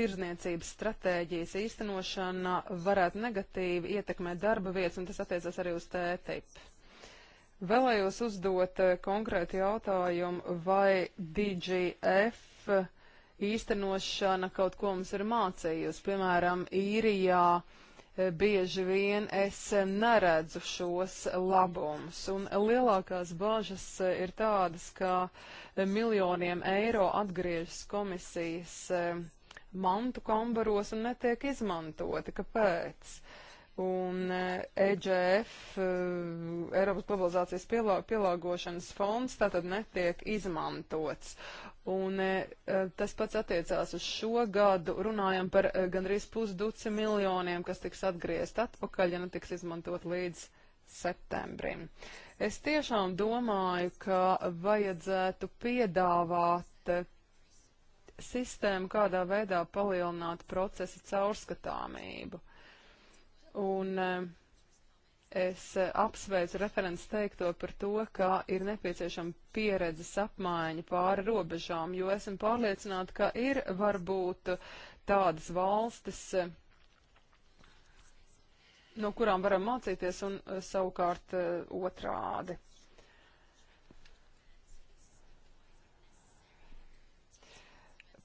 tirzniecības stratēģijas īstenošana varētu negatīvi ietekmēt darba vietas, un tas attiecas arī uz TTIP. Vēlējos uzdot eh, konkrētu jautājumu, vai DGF eh, īstenošana kaut ko mums ir mācījusi. Piemēram, īrijā eh, bieži vien es neredzu šos labumus, un lielākās bāžas ir tādas, ka miljoniem eiro atgriežas komisijas mantu kombaros un netiek izmantoti. Kāpēc? Un EGF, eh, e eh, Eiropas globalizācijas pielā, pielāgošanas fonds, tātad netiek izmantots. Un eh, tas pats attiecās uz šo gadu. Runājam par gandrīz pusduci miljoniem, kas tiks atgriezt atpakaļ, ja netiks izmantot līdz septembrim. Es tiešām domāju, ka vajadzētu piedāvāt sistēmu, kādā veidā palielināt procesa caurskatāmību. Un eh, es eh, apsveicu referents teikto par to, ka ir nepieciešama pieredzes apmaiņa pāri robežām, jo esam pārliecināti, ka ir varbūt tādas valstis, eh, no kurām varam mācīties, un savukārt otrādi.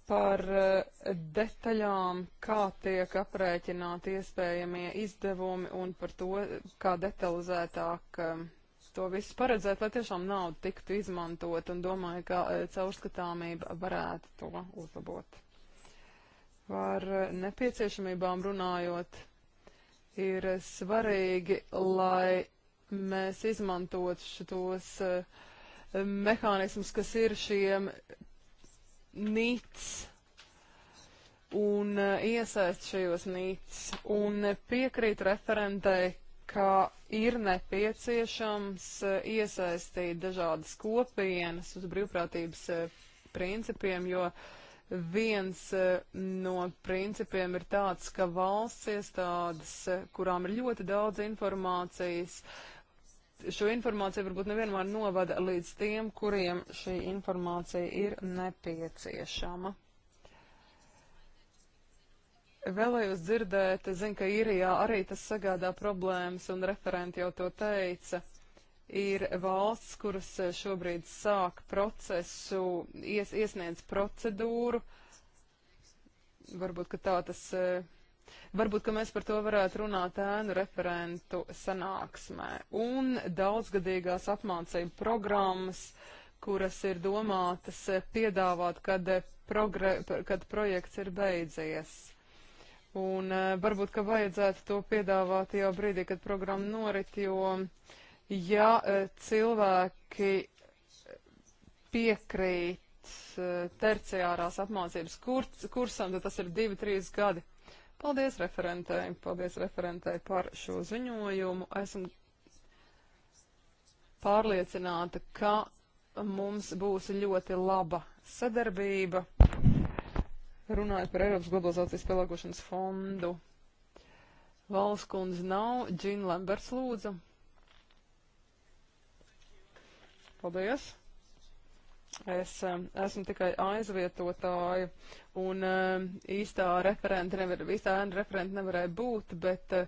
par eh, detaļām, kā tiek aprēķināti iespējamie izdevumi un par to, kā detalizētāk eh, to visu paredzēt, lai tiešām nauda tiktu izmantot un domāju, ka eh, caurskatāmība varētu to uzlabot. Par nepieciešamībām runājot, ir svarīgi, lai mēs izmantotu šos mehānismus, kas ir šiem nīts un eh, iesaist šajos nīts. Un eh, piekrīt referentei, ka ir nepieciešams eh, iesaistīt dažādas kopienas uz brīvprātības principiem, jo viens no principiem ir tāds, ka valsts iestādes, kurām ir ļoti daudz informācijas, uh, šo informāciju varbūt nevienmēr novada līdz tiem, kuriem šī informācija ir nepieciešama. Vēlējos dzirdēt, zinu, ka īrijā arī tas sagādā problēmas, un referenti jau to teica. Ir valsts, kuras šobrīd sāk procesu, ies, iesniedz procedūru. Varbūt, ka tā tas eh, Varbūt, ka mēs par to varētu runāt ēnu referentu sanāksmē. Un daudzgadīgās apmācību programmas, kuras ir domātas piedāvāt, kad, eh, progre, kad projekts ir beidzies. Un eh, varbūt, ka vajadzētu to piedāvāt jau brīdī, kad programma norit, jo ja eh, cilvēki piekrīt terciārās apmācības kurs, kursam, tad tas ir divi, trīs gadi Paldies referentei, paldies referentei par šo ziņojumu. Esmu pārliecināta, ka mums būs ļoti laba sadarbība. Runājot par Eiropas globalizācijas pielāgošanas fondu. Valskundze nav. Džina Lamberts lūdzu. Paldies. Es um, esmu tikai aizvietotāja un um, īstā referenta nevar, īstā referenta nevarēja būt, bet uh,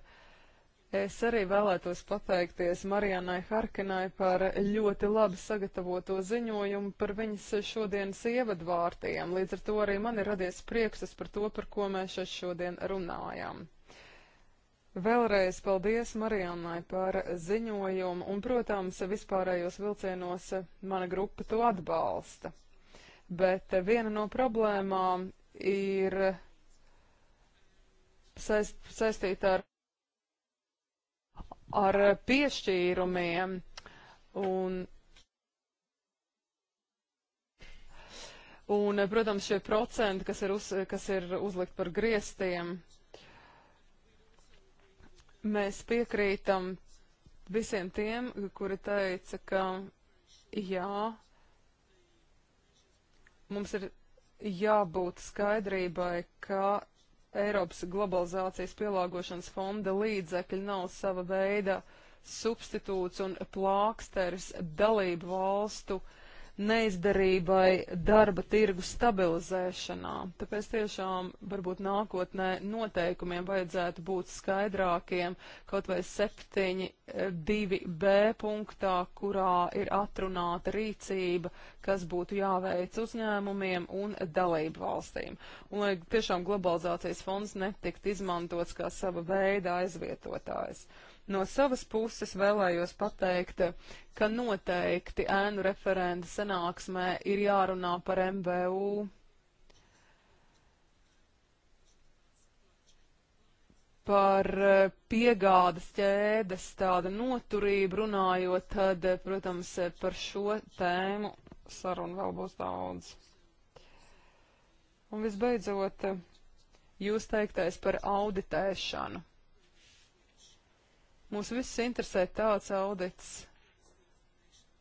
es arī vēlētos pateikties Marijanai Harkinai par ļoti labi sagatavoto ziņojumu par viņas šodienas ievadvārtiem. Līdz ar to arī man ir radies priekšstas par to, par ko mēs šeit šodien runājam. Vēlreiz paldies Marijānai par ziņojumu, un, protams, vispārējos vilcienos mana grupa to atbalsta. Bet viena no problēmām ir saist, saistīta ar, ar piešķīrumiem. Un, un, protams, šie procenti, kas ir, uz, kas ir uzlikt par griestiem, Mēs piekrītam visiem tiem, kuri teica, ka jā, mums ir jābūt skaidrībai, ka Eiropas globalizācijas pielāgošanas fonda līdzekļi nav sava veida substitūts un plāksteris dalību valstu uh, neizdarībai darba tirgu stabilizēšanā. Tāpēc tiešām varbūt nākotnē noteikumiem vajadzētu būt skaidrākiem, kaut vai 7.2b eh, punktā, kurā ir atrunāta rīcība, kas būtu jāveic uzņēmumiem un dalību valstīm. Un lai tiešām globalizācijas fonds netikt izmantots kā sava veida aizvietotājs. No savas puses vēlējos pateikt, ka noteikti ēnu referenta sanāksmē ir jārunā par MBU. Par e, piegādas ķēdes tādu noturību runājot, tad, e, protams, e, par šo tēmu sarunu vēl būs daudz. Un visbeidzot, jūs teiktais par auditēšanu. Mūs visus interesē tāds audits,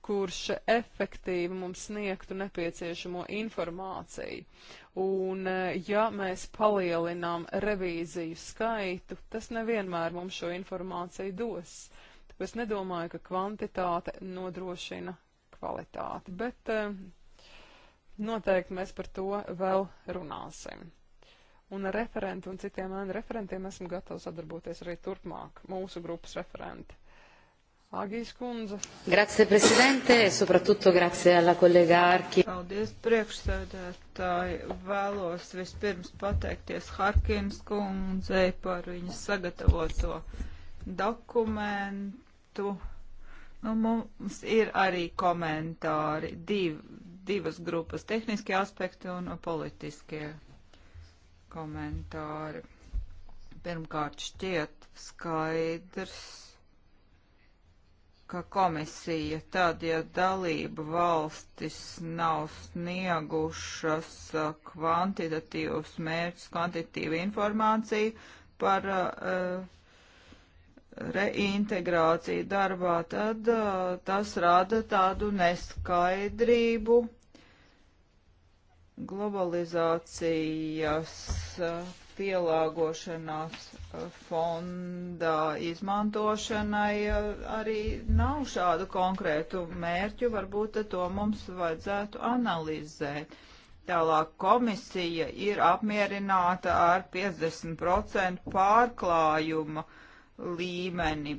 kurš efektīvi mums sniegtu nepieciešamo informāciju. Un, eh, ja mēs palielinām revīziju skaitu, tas nevienmēr mums šo informāciju dos. Tāpēc nedomāju, ka kvantitāte nodrošina kvalitāti, bet eh, noteikti mēs par to vēl runāsim un ar referentu un citiem ēnu referentiem esmu gatava sadarboties arī turpmāk, mūsu grupas referenti. Agijas kundze. Grazie, prezidente, e soprattutto grazie alla kollega Arki. Paldies, priekšsēdētāji. Vēlos vispirms pateikties Harkins kundzei par viņas sagatavoto dokumentu. Nu, mums ir arī komentāri, div, divas grupas - tehniskie aspekti un politiskie komentāri. Pirmkārt, šķiet skaidrs, ka komisija tad, ja dalība valstis nav sniegušas uh, kvantitatīvus mērķus, kvantitīvu informāciju par uh, reintegrāciju darbā, tad uh, tas rada tādu neskaidrību globalizācijas eh, pielāgošanās eh, fonda izmantošanai eh, arī nav šādu konkrētu mērķu, varbūt to mums vajadzētu analizēt. Tālāk komisija ir apmierināta ar 50% pārklājumu uh, līmeni,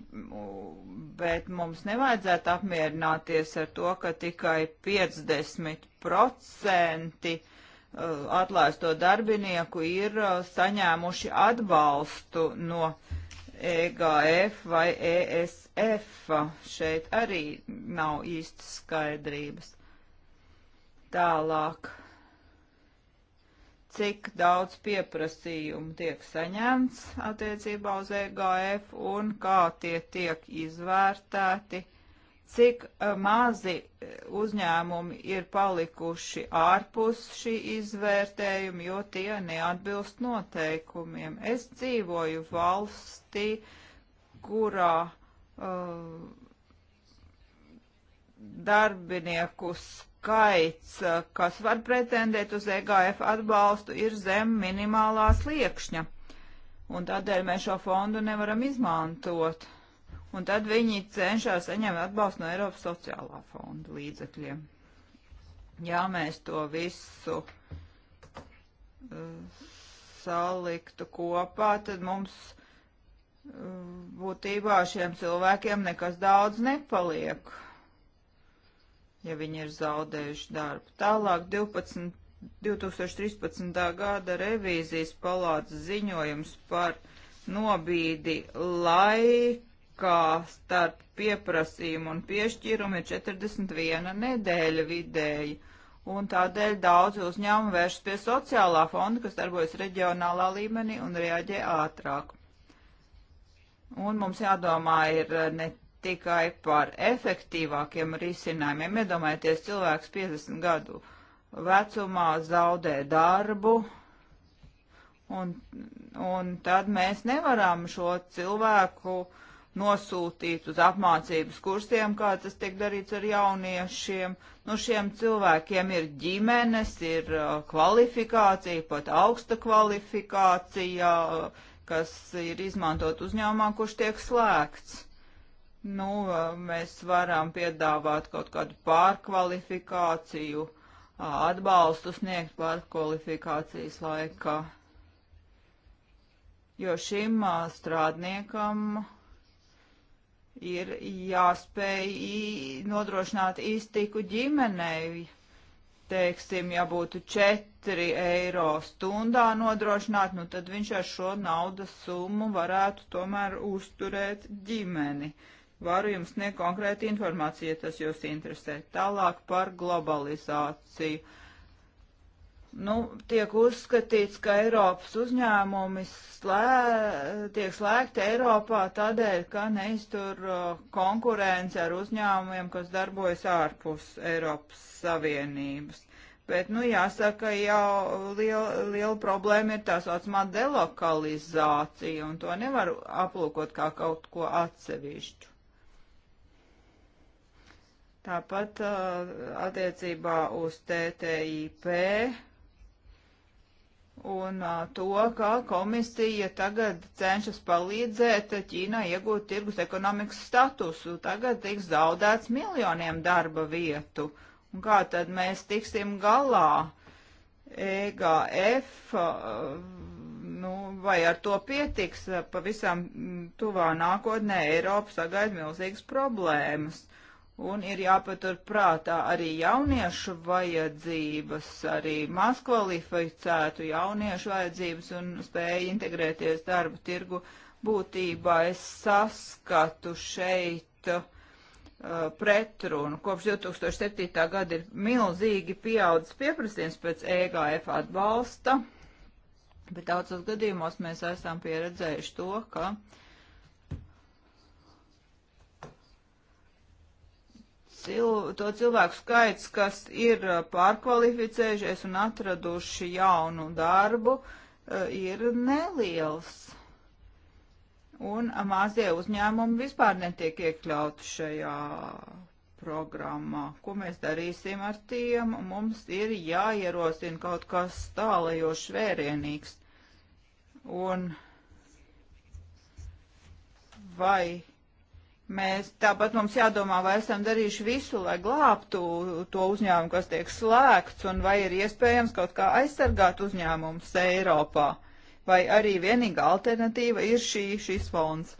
bet mums nevajadzētu apmierināties ar to, ka tikai 50% atlaisto darbinieku ir saņēmuši atbalstu no EGF vai ESF. Šeit arī nav īstas skaidrības. Tālāk cik daudz pieprasījumu tiek saņemts attiecībā uz EGF un kā tie tiek izvērtēti, cik eh, mazi eh, uzņēmumi ir palikuši ārpus šī izvērtējuma, jo tie neatbilst noteikumiem. Es dzīvoju valstī, kurā uh, darbinieku spēju skaits, eh, kas var pretendēt uz EGF atbalstu, ir zem minimālā sliekšņa. Un tādēļ mēs šo fondu nevaram izmantot. Un tad viņi cenšas saņemt atbalstu no Eiropas sociālā fonda līdzekļiem. Ja mēs to visu uh, saliktu kopā, tad mums uh, būtībā šiem cilvēkiem nekas daudz nepaliek ja viņi ir zaudējuši darbu. Tālāk 12, 2013. gada revīzijas palātas ziņojums par nobīdi laikā starp pieprasījumu un piešķīrumu ir 41 nedēļa vidēji. Un tādēļ daudz uzņēmumu vēršas pie sociālā fonda, kas darbojas reģionālā līmenī un reaģē ātrāk. Un mums jādomā ir ne tikai par efektīvākiem risinājumiem. Iedomājieties, cilvēks 50 gadu vecumā zaudē darbu, un, un tad mēs nevaram šo cilvēku nosūtīt uz apmācības kursiem, kā tas tiek darīts ar jauniešiem. Nu, šiem cilvēkiem ir ģimenes, ir uh, kvalifikācija, pat augsta kvalifikācija, uh, kas ir izmantot uzņēmumā, kurš tiek slēgts. Nu, mēs varam piedāvāt kaut kādu pārkvalifikāciju, atbalstu sniegt pārkvalifikācijas laikā. Jo šim strādniekam ir jāspēj nodrošināt iztiku ģimenei. Teiksim, ja būtu 4 eiro stundā nodrošināt, nu tad viņš ar šo naudas summu varētu tomēr uzturēt ģimeni. Uh, varu jums sniegt konkrēti informāciju, ja tas jūs interesē. Tālāk par globalizāciju. Nu, tiek uzskatīts, ka Eiropas uzņēmumi slē, tiek slēgti Eiropā tādēļ, ka neiztur uh, konkurence ar uzņēmumiem, kas darbojas ārpus Eiropas Savienības. Bet, nu, jāsaka, jau liela, liela problēma ir tā saucamā delokalizācija, un to nevar aplūkot kā kaut ko atsevišķu. Tāpat uh, attiecībā uz TTIP un uh, to, kā komisija tagad cenšas palīdzēt Ķīnai iegūt tirgus ekonomikas statusu. Tagad tiks zaudēts miljoniem darba vietu. Un kā tad mēs tiksim galā? EGF, uh, nu, vai ar to pietiks? Pavisam tuvā nākotnē Eiropa sagaida milzīgas problēmas Un ir jāpatur prātā arī jauniešu vajadzības, arī mazkvalificētu jauniešu vajadzības un spēja integrēties darba tirgu. Būtībā es saskatu šeit uh, pretrunu. Kopš 2007. gada ir milzīgi pieaudzis pieprasījums pēc EGF atbalsta, bet daudzos gadījumos mēs esam pieredzējuši to, ka uh, cil, to cilvēku skaits, kas ir uh, pārkvalificējušies un atraduši jaunu darbu, uh, ir neliels. Un uh, mazie uzņēmumi vispār netiek iekļauti šajā programmā. Ko mēs darīsim ar tiem? Mums ir jāierosina kaut kas tālajošs vērienīgs. Un vai Mēs tāpat mums jādomā, vai esam darījuši visu, lai glābtu to uzņēmumu, kas tiek slēgts, un vai ir iespējams kaut kā aizsargāt uzņēmumus Eiropā, vai arī vienīgā alternatīva ir šī, šis fonds.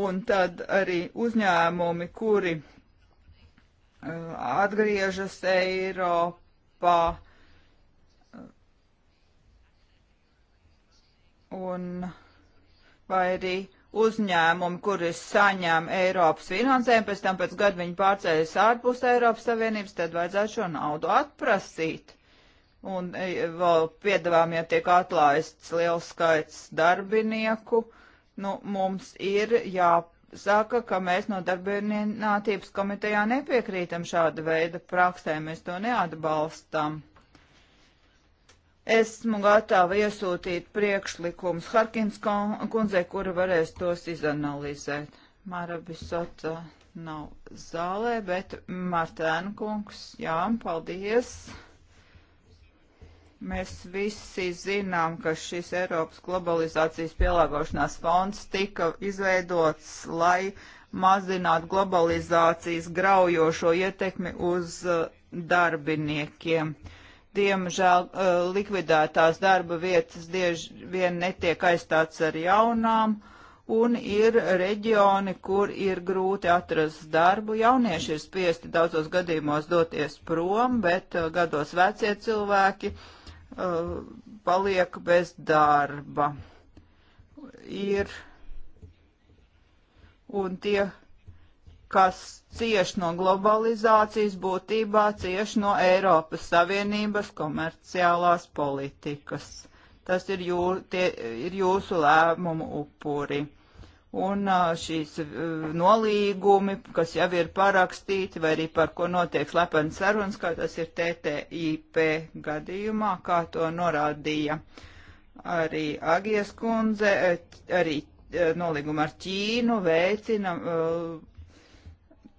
Un tad arī uzņēmumi, kuri uh, atgriežas Eiropā, un vai arī uzņēmumi, kuri saņem Eiropas finansējumu, pēc tam pēc gada viņi pārceļas ārpus Eiropas Savienības, tad vajadzētu šo naudu atprasīt. Un e, vēl piedāvājumā ja tiek atlaists liels skaits darbinieku. Nu, mums ir jāsaka, ka mēs no darbinātības komitejā nepiekrītam šāda veida praksē, mēs to neatbalstam. Esmu gatava iesūtīt priekšlikumus Harkins kundzei, kura varēs tos izanalizēt. Māra Bisota nav zālē, bet Martēna kungs, jā, paldies. Mēs visi zinām, ka šis Eiropas globalizācijas pielāgošanās fonds tika izveidots, lai mazinātu globalizācijas graujošo ietekmi uz eh, darbiniekiem. Uh, Diemžēl eh, likvidētās darba vietas bieži vien netiek aizstāts ar jaunām, un ir reģioni, kur ir grūti atrast darbu. Jaunieši ir spiesti daudzos gadījumos doties prom, bet eh, gados vecie cilvēki uh, paliek bez darba. Ir un tie kas cieš no globalizācijas, būtībā cieš no Eiropas Savienības komerciālās politikas. Tas ir, jū, tie, ir jūsu lēmumu upuri. Un šīs nolīgumi, kas jau ir parakstīti, vai arī par ko notiek slepeni sarunas, kā tas ir TTIP gadījumā, kā to norādīja arī Agies kundze, arī nolīguma ar Ķīnu veicina uh,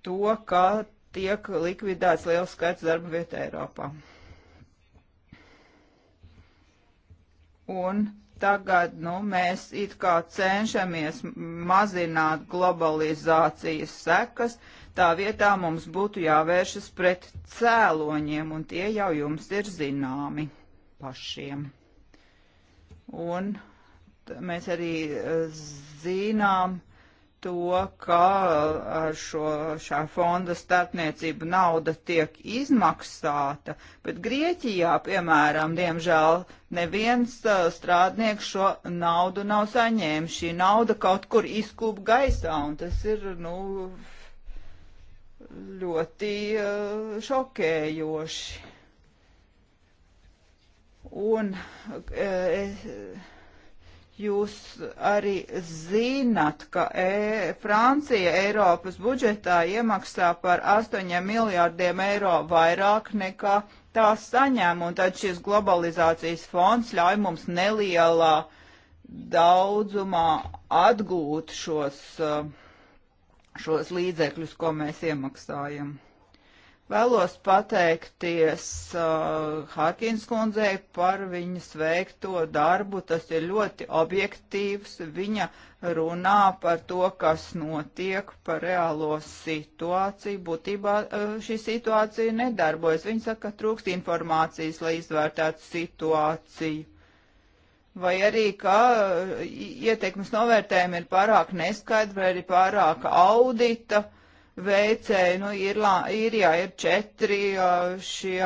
to, ka tiek likvidēts liels skaits darba vietu Eiropā. Un tagad nu, mēs it kā cenšamies mazināt globalizācijas sekas, tā vietā mums būtu jāvēršas pret cēloņiem, un tie jau jums ir zināmi pašiem. Un mēs arī eh, zinām, uh, to, ka ar šo šā fonda starpniecību nauda tiek izmaksāta, bet Grieķijā, piemēram, diemžēl neviens strādnieks šo naudu nav saņēmis. Šī nauda kaut kur izkūp gaisā, un tas ir, nu, ļoti šokējoši. Un, e, Jūs arī zinat, ka e, Francija Eiropas budžetā iemaksā par 8 miljārdiem eiro vairāk nekā tā saņem, un tad šis globalizācijas fonds ļauj mums nelielā daudzumā atgūt šos, e, šos līdzekļus, ko mēs iemaksājam. Vēlos pateikties uh, Harkins kundzei par viņas veikto darbu. Tas ir ļoti objektīvs. Viņa runā par to, kas notiek, par reālo situāciju. Būtībā uh, šī situācija nedarbojas. Viņa saka, ka trūkst informācijas, lai izvērtētu situāciju. Vai arī, ka uh, ietekmes novērtējumi ir pārāk neskaidri, vai arī pārāk audita. Uh, veicēji. Nu, Irlā, Īrijā ir četri šie,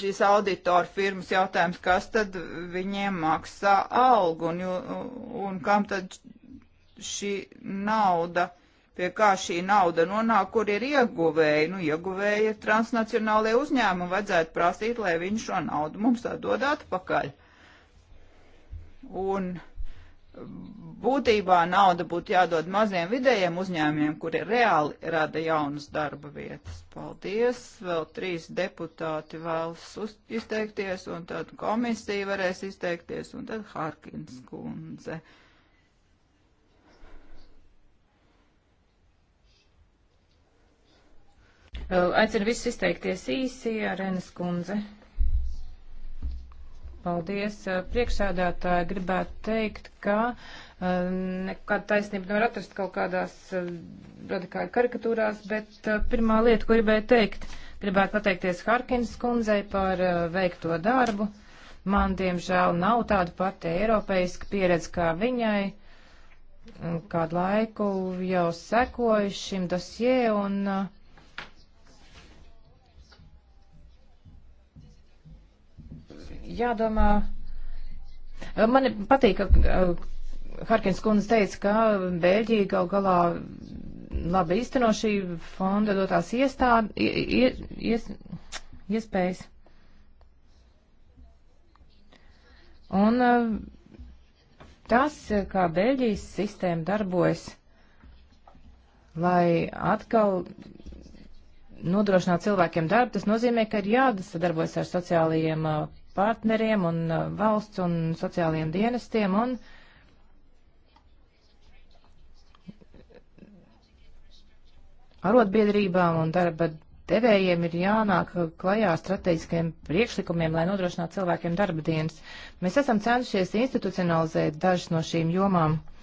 šīs auditoru firmas jautājums, kas tad viņiem maksā algu un, un kam tad šī nauda, pie kā šī nauda nonāk, kur ir ieguvēji. Nu, ieguvēji ir transnacionālajie uzņēmumi, vajadzētu prasīt, lai viņi šo naudu mums atdod atpakaļ. Un būtībā nauda būtu jādod maziem vidējiem uzņēmumiem, kuri reāli rada jaunas darba vietas. Paldies! Vēl trīs deputāti vēlas izteikties, un tad komisija varēs izteikties, un tad Harkins kundze. Aicinu visus izteikties īsi, Arenas kundze. Paldies. Priekšsēdētāji gribētu teikt, ka nekāda taisnība nevar atrast kaut kādās radikāli karikatūrās, bet pirmā lieta, ko gribēju teikt, gribētu pateikties Harkins kundzei par veikto darbu. Man, diemžēl, nav tāda pati eiropeiska pieredze kā viņai. Kādu laiku jau sekoju šim dosie un uh, jādomā. Man patīk, ka Harkins kundze teica, ka Bēļģija gal galā labi izteno šī fonda dotās iestād, ies, ies, iespējas. Un eh, tas, kā Bēļģijas sistēma darbojas, lai atkal nodrošināt cilvēkiem darbu, tas nozīmē, ka ir jāsadarbojas ar sociālajiem uh, partneriem un uh, valsts un sociālajiem dienestiem un arotbiedrībām un darba devējiem ir jānāk klajā strateģiskiem priekšlikumiem, lai nodrošinātu cilvēkiem darba dienas. Mēs esam cenšies institucionalizēt dažas no šīm jomām. Uh,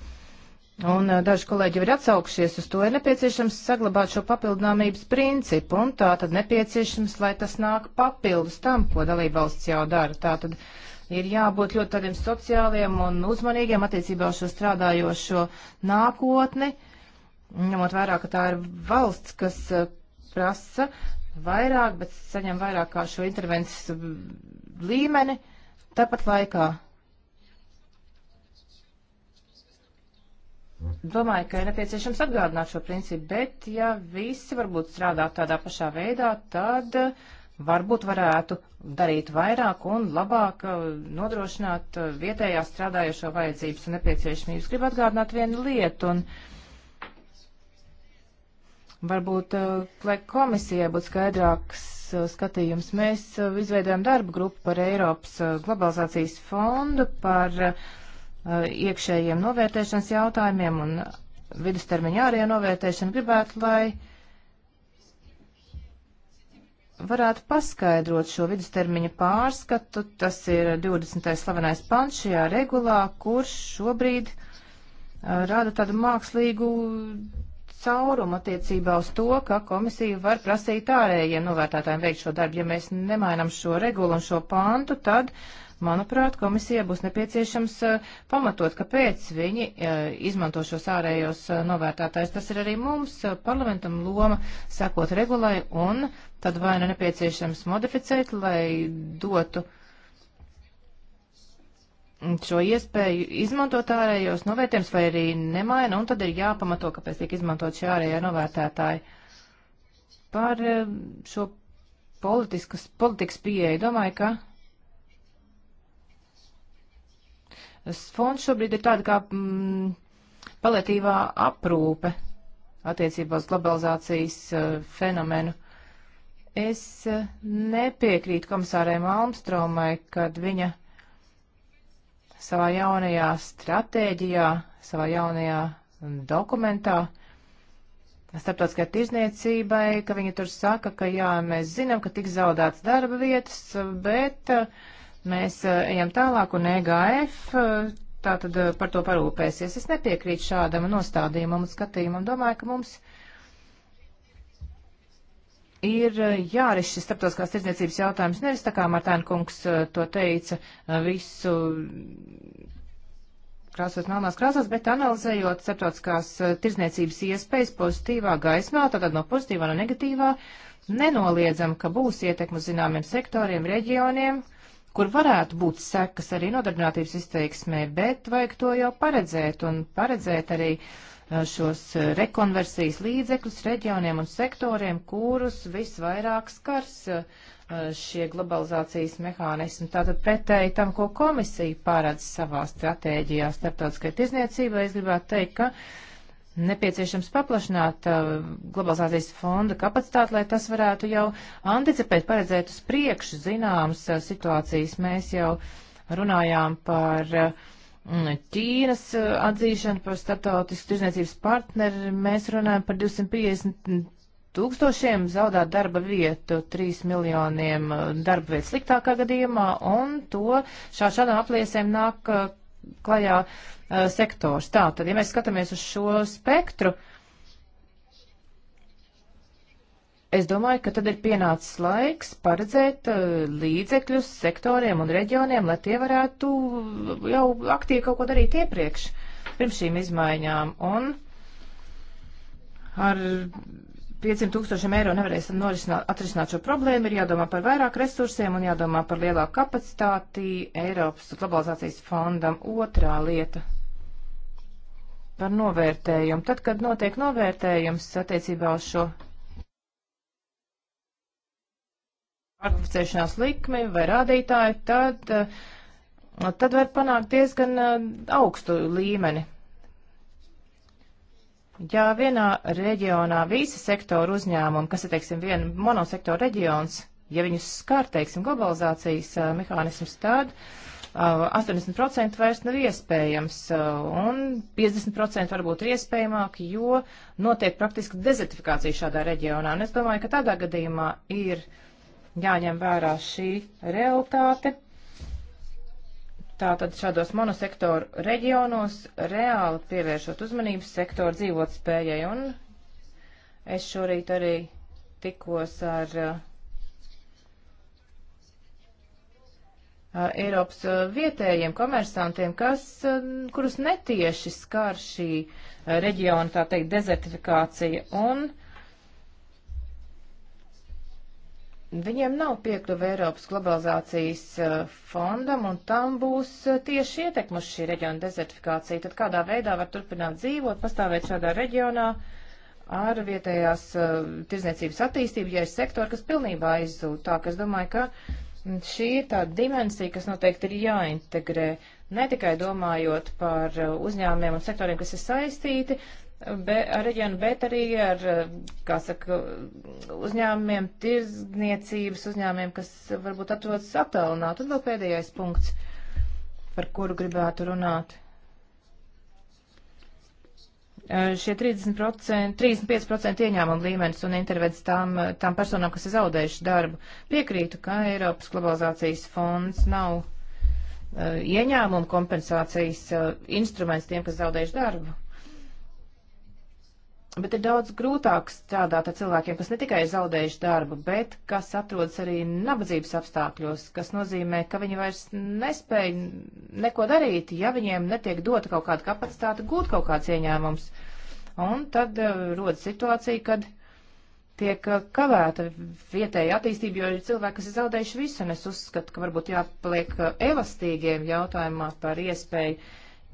Un eh, daži kolēģi jau ir atsaukšies uz to, ir nepieciešams saglabāt šo papildināmības principu, un tā tad nepieciešams, lai tas nāk papildus tam, ko dalībvalsts jau dara. Tā tad ir jābūt ļoti tādiem sociāliem un uzmanīgiem attiecībā uz šo strādājošo nākotni, ņemot vērā, ka tā ir valsts, kas eh, prasa vairāk, bet saņem vairāk kā šo intervences mm, līmeni, tāpat laikā domāju, ka ir nepieciešams atgādināt šo principu, bet ja visi varbūt strādā tādā pašā veidā, tad eh, varbūt varētu darīt vairāk un labāk eh, nodrošināt eh, vietējā strādājošo vajadzības un nepieciešamības. Gribu atgādināt vienu lietu un varbūt, lai komisijai būtu skaidrāks skatījums, mēs izveidojam darba grupu par Eiropas globalizācijas fondu, par uh, Eh, iekšējiem novērtēšanas jautājumiem un vidustermiņa ārējā novērtēšana gribētu, lai varētu paskaidrot šo vidustermiņa pārskatu. Tas ir 20. slavenais pants šajā regulā, kurš šobrīd eh, rada tādu mākslīgu caurumu attiecībā uz to, ka komisija var prasīt ārējiem novērtētājiem veikt šo darbu. Ja mēs nemainam šo regulu un šo pantu, tad uh, Manuprāt, komisija būs nepieciešams eh, pamatot, kāpēc viņi eh, izmanto šos ārējos eh, novērtātājus. Tas ir arī mums, parlamentam loma, sekot regulai, un tad vai nu nepieciešams modificēt, lai dotu šo iespēju izmantot ārējos novērtējums vai arī nemaina, un tad ir jāpamato, kāpēc tiek izmantot šie ārējie novērtētāji. Par šo politikas, politikas pieeju domāju, ka fonds šobrīd ir tāda kā mm, palietīvā aprūpe attiecībā uz globalizācijas uh, fenomenu. Es uh, nepiekrītu komisārai Malmstromai, kad viņa savā jaunajā stratēģijā, savā jaunajā mm, dokumentā starptautiskajai tirzniecībai, ka viņi tur saka, ka jā, mēs zinām, ka tiks zaudēts darba vietas, bet uh, Mēs eh, ejam tālāk un EGF eh, tātad eh, par to parūpēsies. Es nepiekrītu šādam nostādījumam un skatījumam. Domāju, ka mums ir jāris šis starptautiskās tirdzniecības jautājums. Nevis nu, tā kā Martēna kungs to teica visu krāsot melnās krāsās, bet analizējot starptautiskās tirdzniecības iespējas pozitīvā gaismā, tātad no pozitīvā, no negatīvā, nenoliedzam, ka būs ietekme zināmiem sektoriem, reģioniem, kur varētu būt sekas arī nodarbinātības izteiksmē, bet vajag to jau paredzēt un paredzēt arī uh, šos uh, rekonversijas līdzekļus reģioniem un sektoriem, kurus visvairāk skars uh, šie globalizācijas mehānismi. Tātad pretēji tam, ko komisija pārādz savā stratēģijā starptautiskai tirzniecībai, es gribētu teikt, ka nepieciešams paplašināt uh, globalizācijas fonda kapacitāti, lai tas varētu jau anticipēt, paredzēt uz priekšu zināmas uh, situācijas. Mēs jau runājām par uh, Ķīnas uh, atzīšanu par starptautisku tirzniecības partneri. Mēs runājam par 250 tūkstošiem zaudēt darba vietu, 3 miljoniem uh, darba vietu sliktākā gadījumā, un to šā šādām apliesēm nāk uh, klajā uh, sektors. Tā tad, ja mēs skatāmies uz šo spektru, es domāju, ka tad ir pienācis laiks paredzēt uh, līdzekļus sektoriem un reģioniem, lai tie varētu jau aktīvi kaut ko darīt iepriekš, pirms šīm izmaiņām. Un ar 500 tūkstošiem eiro nevarēsim atrisināt šo problēmu, ir jādomā par vairāk resursiem un jādomā par lielāku kapacitāti Eiropas globalizācijas fondam. Otrā lieta par novērtējumu. Tad, kad notiek novērtējums attiecībā uz šo pārkvalificēšanās likmi vai rādītāju, tad, eh, tad var panākt diezgan eh, augstu līmeni. Ja vienā reģionā visi sektoru uzņēmumi, kas ir, teiksim, viena monosektora reģions, ja viņus skar, teiksim, globalizācijas uh, mehānisms, tad uh, 80% vairs nav iespējams, uh, un 50% varbūt ir iespējamāk, jo notiek praktiski dezertifikācija šādā reģionā. Un es domāju, ka tādā gadījumā ir jāņem vērā šī realitāte Tātad šādos monosektoru reģionos reāli pievēršot uzmanību sektoru dzīvotspējai. Un es šorīt arī tikos ar uh, Eiropas eh, vietējiem komersantiem, kas, uh, kurus netieši skar šī uh, reģiona, tā teikt, dezertifikācija. Un uh, Viņiem nav piekļuva Eiropas globalizācijas eh, fondam, un tam būs eh, tieši ietekma uz šī reģiona dezertifikāciju. Tad kādā veidā var turpināt dzīvot, pastāvēt šādā reģionā ar vietējās uh, tirzniecības attīstību, ja ir sektori, kas pilnībā izzūd. Tā, ka es domāju, ka mm, šī ir tā dimensija, kas noteikti ir jāintegrē, ne tikai domājot par uzņēmumiem un sektoriem, kas ir saistīti, be, ar reģionu, bet arī ar, kā saka, uzņēmumiem, tirzniecības uzņēmumiem, kas varbūt atrodas attālināt. Un vēl pēdējais punkts, par kuru gribētu runāt. Šie 30%, 35% ieņēmuma līmenis un intervedis tām, tām personām, kas ir zaudējuši darbu. Piekrītu, ka Eiropas globalizācijas fonds nav uh, ieņēmuma kompensācijas uh, instruments tiem, kas zaudējuši darbu Bet ir daudz grūtāk strādāt ar cilvēkiem, kas ne tikai ir zaudējuši darbu, bet kas atrodas arī nabadzības apstākļos, kas nozīmē, ka viņi vairs nespēj neko darīt, ja viņiem netiek dota kaut kāda kapacitāte gūt kaut kāds ieņēmums. Un tad uh, rodas situācija, kad tiek eh, kavēta vietēja attīstība, jo ir cilvēki, kas ir zaudējuši visu, un es uzskatu, ka varbūt jāpaliek eh, elastīgiem jautājumā par iespēju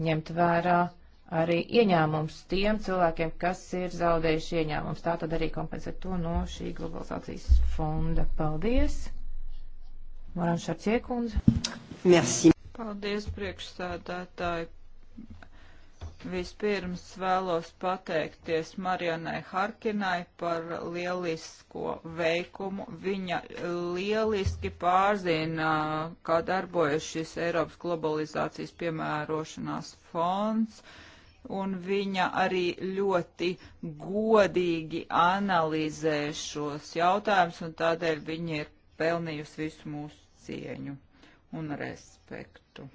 ņemt vērā uh, arī ieņēmums tiem cilvēkiem, kas ir zaudējuši ieņēmums. Tā tad arī kompensē to no šī globalizācijas fonda. Paldies! Varam Šarciekundze. Merci. Paldies, priekšsēdētāji. Vispirms vēlos pateikties Marianai Harkinai par lielisko veikumu. Viņa lieliski pārzina, kā darbojas šis Eiropas globalizācijas piemērošanās fonds. Uh, un viņa arī ļoti godīgi analizē šos jautājumus, un tādēļ viņa ir pelnījusi visu mūsu cieņu un respektu.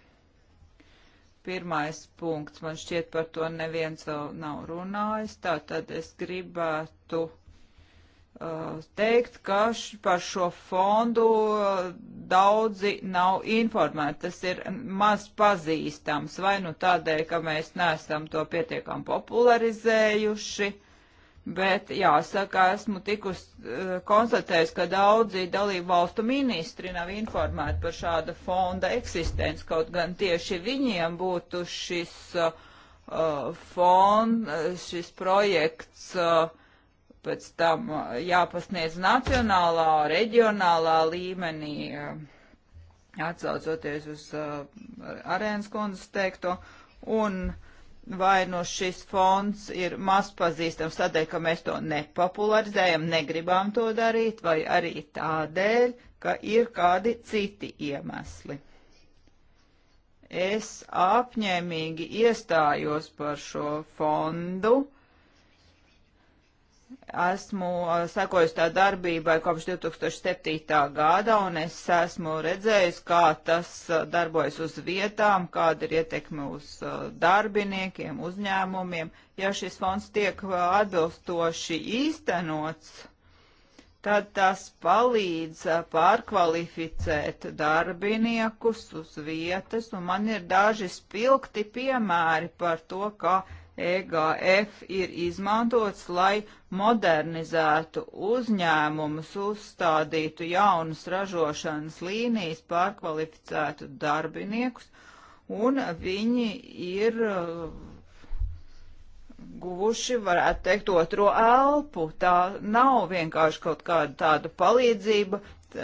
Pirmais punkts, man šķiet par to neviens vēl nav runājis, tā tad es gribētu Uh, teikt, ka par šo fondu uh, daudzi nav informēti. Tas ir maz pazīstams, vai nu tādēļ, ka mēs neesam to pietiekam popularizējuši, bet jāsaka, esmu tikus uh, konstatējis, ka daudzi dalību valstu ministri nav informēti par šāda fonda eksistenci, kaut gan tieši viņiem būtu šis uh, fonds, šis projekts uh, pēc tam uh, jāpasniedz nacionālā, reģionālā līmenī, uh, atsaucoties uz uh, arēnas kundzes teikto, un vai no nu šis fonds ir maz pazīstams tādēļ, ka mēs to nepopularizējam, negribam to darīt, vai arī tādēļ, ka ir kādi citi iemesli. Es apņēmīgi iestājos par šo fondu esmu uh, sekojusi tā darbībai kopš 2007. gada, un es esmu redzējusi, kā tas uh, darbojas uz vietām, kāda ir ietekme uz uh, darbiniekiem, uzņēmumiem. Ja šis fonds tiek atbilstoši īstenots, tad tas palīdz pārkvalificēt darbiniekus uz vietas, un man ir daži spilgti piemēri par to, kā ka EGF ir izmantots, lai modernizētu uzņēmumus, uzstādītu jaunas ražošanas līnijas, pārkvalificētu darbiniekus, un viņi ir uh, guvuši, varētu teikt, otro elpu. Tā nav vienkārši kaut kāda tāda palīdzība, uh,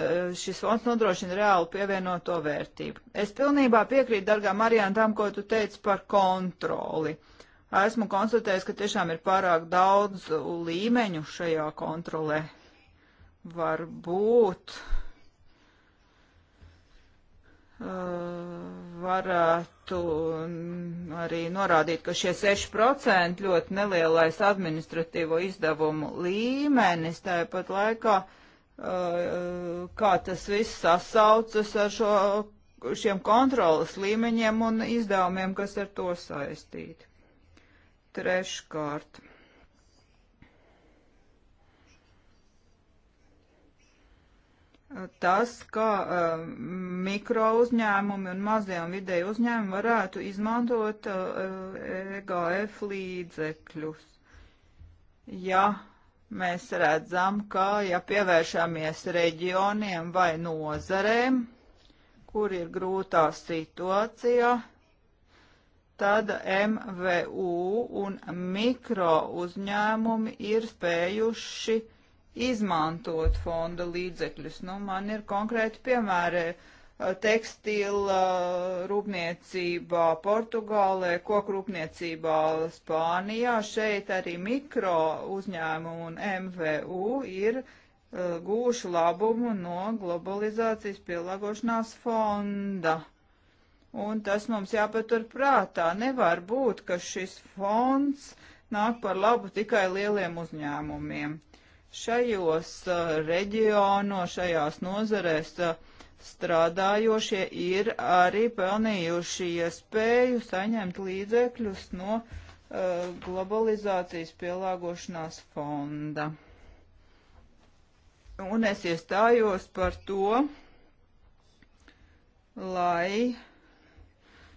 šis fonds nodrošina reālu pievienoto vērtību. Es pilnībā piekrītu, dargā Marijāna, tam, ko tu teici par kontroli. Uh, esmu konstatējis, ka tiešām ir pārāk daudz līmeņu šajā kontrolē. Varbūt uh, varētu arī norādīt, ka šie 6% ļoti nelielais administratīvo izdevumu līmenis tāpat laikā, uh, kā tas viss sasaucas ar šo, šiem kontrolas līmeņiem un izdevumiem, kas ar to saistīti. Treškārt. Tas, ka uh, mikro uzņēmumi un mazie un vidēji uzņēmumi varētu izmantot uh, EGF līdzekļus. Ja mēs redzam, ka ja pievēršamies reģioniem vai nozarēm, kur ir grūtā situācijā, uh, tad MVU un mikro uzņēmumi ir spējuši izmantot fonda līdzekļus. Nu, man ir konkrēti piemēri eh, tekstila eh, rūpniecībā Portugālē, kokrūpniecībā Spānijā. Šeit arī mikro uzņēmumu un MVU ir eh, gūši labumu no globalizācijas pielāgošanās fonda. Un tas mums jāpatur prātā. Nevar būt, ka šis fonds nāk par labu tikai lieliem uzņēmumiem. Šajos uh, reģionos, šajās nozarēs uh, strādājošie ir arī pelnījuši iespēju saņemt līdzekļus no uh, globalizācijas pielāgošanās fonda. Un es iestājos par to, lai uh,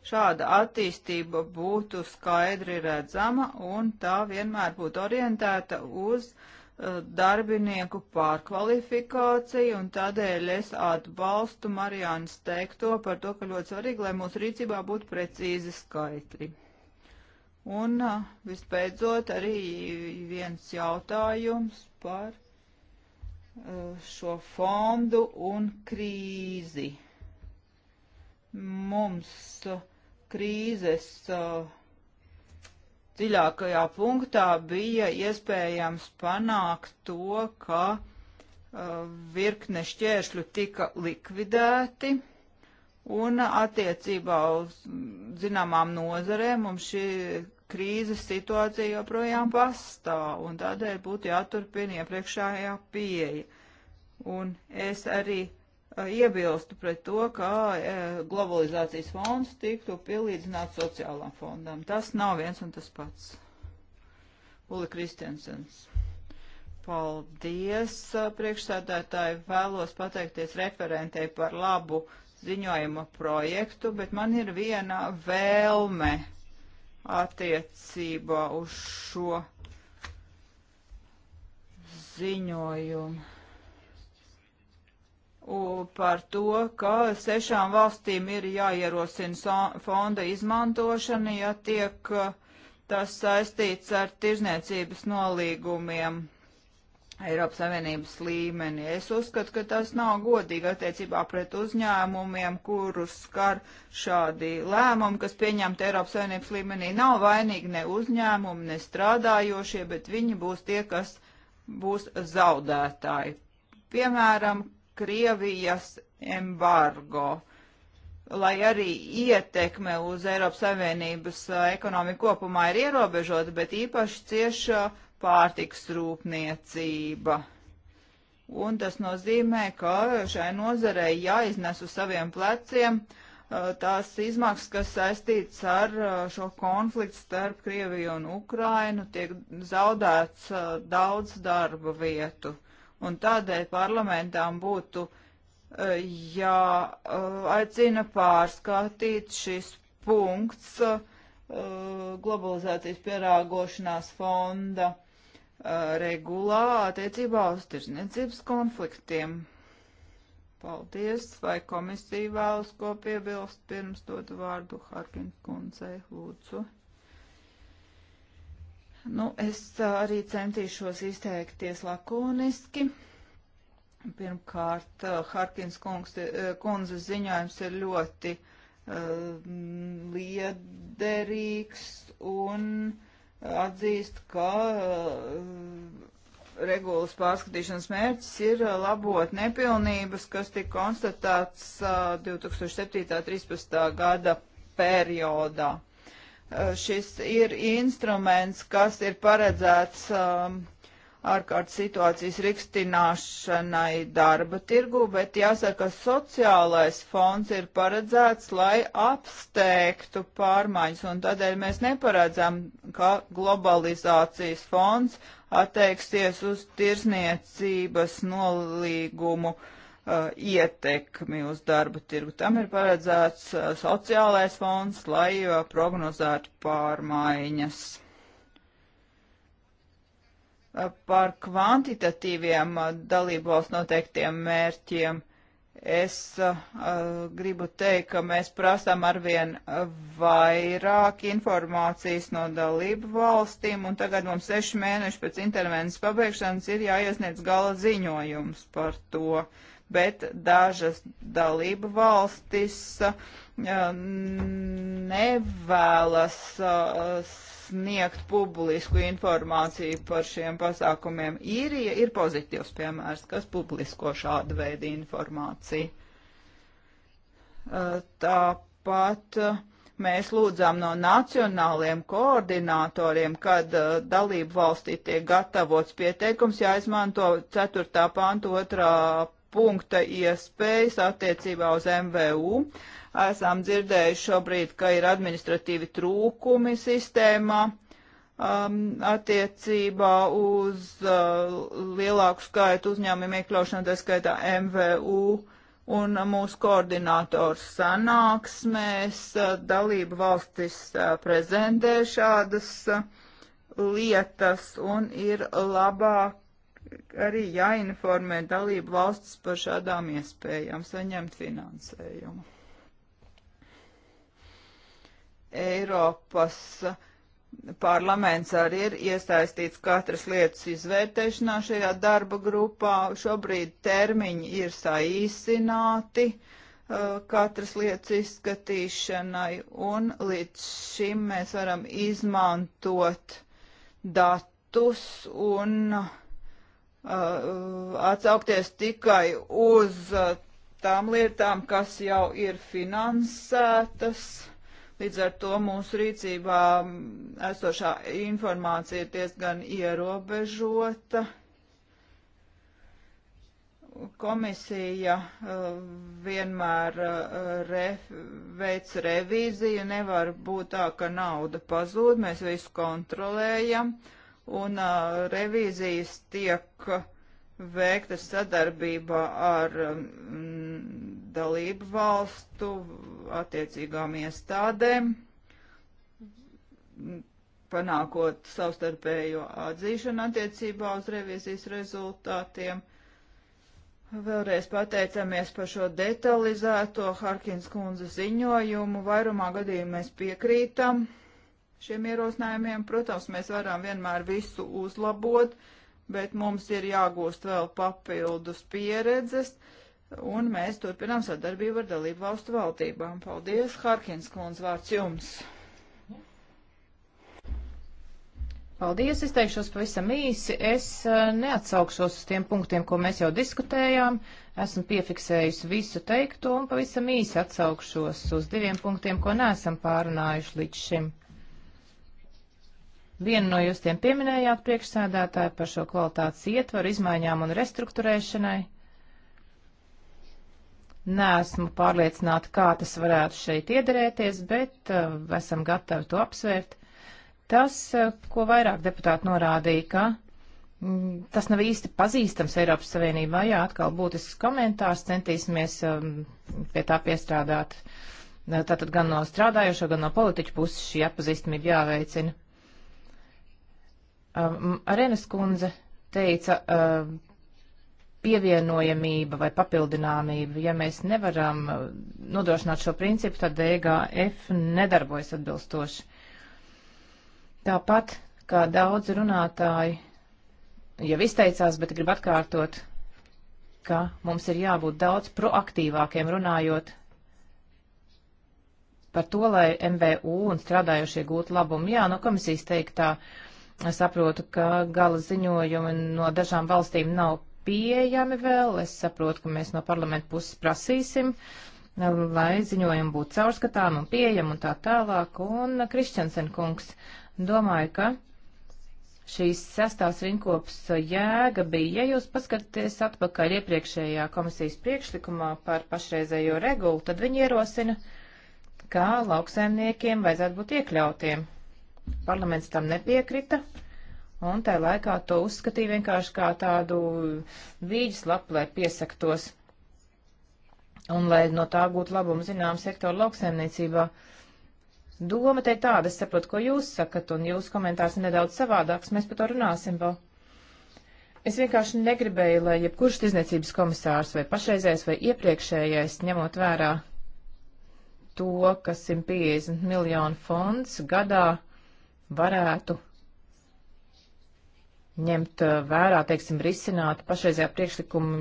šāda attīstība būtu skaidri redzama un tā vienmēr būtu orientēta uz uh, darbinieku pārkvalifikāciju, un tādēļ es atbalstu Marijānas teikto par to, ka ļoti svarīgi, lai mūsu rīcībā būtu precīzi skaitļi. Un uh, visbeidzot arī viens jautājums par uh, šo fondu un krīzi. Mums uh, krīzes uh, dziļākajā punktā bija iespējams panākt to, ka uh, virkne šķēršļu tika likvidēti. Un attiecībā uz zināmām nozarēm mums šī krīzes situācija joprojām pastāv, un tādēļ būtu jāturpina iepriekšējā pieeja. Un es arī Eh, iebilstu pret to, ka eh, globalizācijas fonds tiktu pielīdzināts sociālām fondām. Tas nav viens un tas pats. Uli Kristiansens. Paldies, eh, priekšsādātāji. Vēlos pateikties referentei par labu ziņojuma projektu, bet man ir viena vēlme attiecībā uz šo ziņojumu U par to, ka sešām valstīm ir jāierosina so fonda izmantošana, ja tiek uh, tas saistīts ar tirzniecības nolīgumiem Eiropas Savienības līmenī. Es uzskatu, ka tas nav godīgi attiecībā pret uzņēmumiem, kurus skar šādi lēmumi, kas pieņemti Eiropas Savienības līmenī. Nav vainīgi ne uzņēmumi, ne strādājošie, bet viņi būs tie, kas būs zaudētāji piemēram, Krievijas embargo, lai arī ietekme uz Eiropas Savienības uh, ekonomiku kopumā ir ierobežota, bet īpaši cieša uh, pārtiks rūpniecība. Un tas nozīmē, ka šai nozarei jāiznes uz saviem pleciem uh, tās izmaksas, kas saistīts ar šo konfliktu starp Krieviju un Ukrainu, tiek zaudēts daudz darba vietu. Uh, un tādēļ parlamentām būtu e, jāaicina pārskatīt šis punkts e, globalizācijas pierāgošanās fonda e, regulā attiecībā uz tirzniecības konfliktiem. Paldies, vai komisija vēlas ko piebilst pirms dot vārdu Harkins kundzei, lūdzu. Nu, es arī centīšos izteikties lakoniski. Pirmkārt, Harkins kungs, kundzes ziņojums ir ļoti uh, liederīgs un atzīst, ka uh, regulas pārskatīšanas mērķis ir labot nepilnības, kas tika konstatēts 2007.13. gada periodā. Uh, šis ir instruments, kas ir paredzēts um, ārkārtas situācijas rikstināšanai darba tirgu, bet jāsaka, ka sociālais fonds ir paredzēts, lai apsteigtu pārmaiņas, un tādēļ mēs neparedzam, ka globalizācijas fonds attieksies uz tirsniecības nolīgumu uh, Uh, ietekmi uz darba tirgu. Tam ir paredzēts uh, sociālais fonds, lai uh, prognozētu pārmaiņas. Par kvantitatīviem dalībvalsts noteiktiem mērķiem es gribu teikt, ka mēs prasām arvien vairāk informācijas no dalību valstīm, un tagad mums seši mēneši pēc intervences pabeigšanas ir jāiesniedz gala ziņojums par to. Uh, bet dažas dalība valstis uh, nevēlas uh, sniegt publisku informāciju par šiem pasākumiem. Īrija ir pozitīvs piemērs, kas publisko šādu veidu informāciju. Uh, tāpat mēs lūdzām no nacionāliem koordinatoriem, kad uh, dalību valstī tiek gatavots pieteikums, jāizmanto 4. pānta 2 punkta iespējas attiecībā uz MVU. Esam dzirdējuši šobrīd, ka ir administratīvi trūkumi sistēmā um, attiecībā uz uh, lielāku skaitu uzņēmumu iekļaušanu, tā skaitā MVU. Un mūsu koordinators sanāksmēs uh, dalību valstis uh, prezentē šādas uh, lietas un ir labāk arī jāinformē dalību valstis par šādām iespējām saņemt finansējumu. Eiropas parlaments arī ir iesaistīts katras lietas izvērtēšanā šajā darba grupā. Šobrīd termiņi ir saīsināti uh, katras lietas izskatīšanai, un līdz šim mēs varam izmantot datus un uh, Uh, atsaukties tikai uz uh, tām lietām, kas jau ir finansētas. Līdz ar to mūsu rīcībā mm, esošā informācija ir diezgan ierobežota. Komisija uh, vienmēr ref, veic revīziju, nevar būt tā, ka nauda pazūd, mēs visu kontrolējam. Uh, un uh, revīzijas tiek veiktas sadarbībā ar mm, dalību valstu attiecīgām iestādēm, panākot savstarpējo atzīšanu attiecībā uz revīzijas rezultātiem. Vēlreiz pateicamies par šo detalizēto Harkins kundze ziņojumu. Vairumā gadījumā mēs piekrītam šiem ierosinājumiem. Protams, mēs varam vienmēr visu uzlabot, bet mums ir jāgūst vēl papildus pieredzes, un mēs turpinām sadarbību ar dalību valstu valdībām. Paldies, Harkins kundz, vārds jums! Paldies, es teikšos pavisam īsi. Es eh, neatsaukšos uz tiem punktiem, ko mēs jau diskutējām. Esmu piefiksējusi visu teikto un pavisam īsi atsaukšos uz diviem punktiem, ko neesam pārunājuši līdz šim. Vienu no jūs tiem pieminējāt priekšsēdētāju par šo kvalitātes ietvaru izmaiņām un restruktūrēšanai. Nesmu pārliecināta, kā tas varētu šeit iederēties, bet uh, esam gatavi to apsvērt. Tas, uh, ko vairāk deputāti norādīja, ka mm, tas nav īsti pazīstams Eiropas Savienībā, jā, atkal būtisks komentārs, centīsimies um, pie tā piestrādāt. Tātad gan no strādājošo, gan no politiķu puses šī atpazīstamība jāveicina. Um, Arenas kundze teica, um, pievienojamība vai papildināmība. Ja mēs nevaram uh, nodrošināt šo principu, tad DGF e nedarbojas atbilstoši. Tāpat, kā daudz runātāji jau izteicās, bet grib atkārtot, ka mums ir jābūt daudz proaktīvākiem runājot par to, lai MVU un strādājošie gūtu labumu. Jā, no komisijas teiktā. Uh, Es saprotu, ka gala ziņojumi no dažām valstīm nav pieejami vēl. Es saprotu, ka mēs no parlamenta puses prasīsim, lai ziņojumi būtu caurskatām un pieejami un tā tālāk. Un Krišķensen kungs domāju, ka šīs sestās rinkopas jēga bija, ja jūs paskatāties atpakaļ iepriekšējā komisijas priekšlikumā par pašreizējo regulu, tad viņi ierosina, kā lauksaimniekiem vajadzētu būt iekļautiem Parlaments tam nepiekrita, un tajā laikā to uzskatīja vienkārši kā tādu vīģis lapu, lai piesaktos, un lai no tā būtu labumu zinām sektoru lauksaimniecībā. Doma te tāda, es saprotu, ko jūs sakat, un jūsu komentārs ir nedaudz savādāks, mēs par to runāsim vēl. Es vienkārši negribēju, lai jebkurš tirzniecības komisārs vai pašreizējais vai iepriekšējais, ņemot vērā to, ka 150 miljonu fonds gadā varētu ņemt uh, vērā, teiksim, risināt pašreizējā priekšlikuma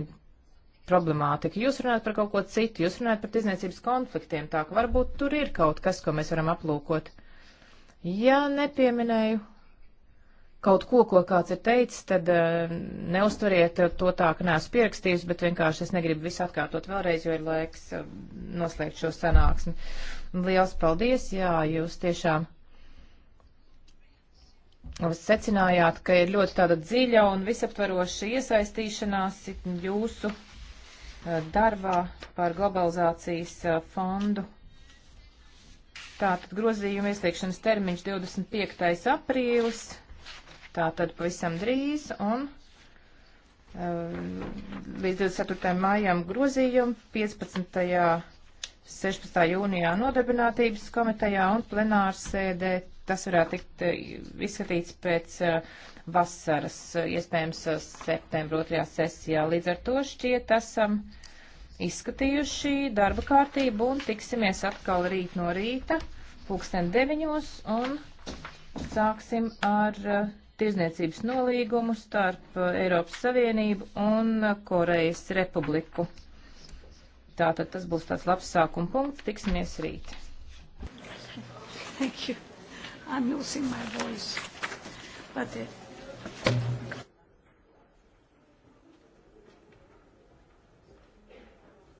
problemātiku. Jūs runājat par kaut ko citu, jūs runājat par tirdzniecības konfliktiem, tā ka varbūt tur ir kaut kas, ko mēs varam aplūkot. Ja nepieminēju kaut ko, ko kāds ir teicis, tad uh, neusturiet uh, to tā, ka neesmu pierakstījis, bet vienkārši es negribu visu atkārtot vēlreiz, jo ir laiks uh, noslēgt šo sanāksmi. Liels paldies, jā, jūs tiešām Jūs secinājāt, ka ir ļoti tāda dziļa un visaptvaroša iesaistīšanās jūsu eh, darbā par globalizācijas eh, fondu. Tātad grozījuma iesniegšanas termiņš 25. aprīlis, tātad pavisam drīz, un eh, līdz 24. mājām grozījumi 15. 16. jūnijā nodarbinātības komitejā un plenārsēdē tas varētu tikt eh, izskatīts pēc eh, vasaras, eh, iespējams, septembra otrajā sesijā. Līdz ar to šķiet esam izskatījuši darba kārtību un tiksimies atkal rīt no rīta, pulksten deviņos, un sāksim ar tirzniecības nolīgumu starp Eiropas Savienību un Korejas Republiku. Tātad tas būs tāds labs sākuma punkts. Tiksimies rīt. Thank you. I'm losing my voice. But, uh,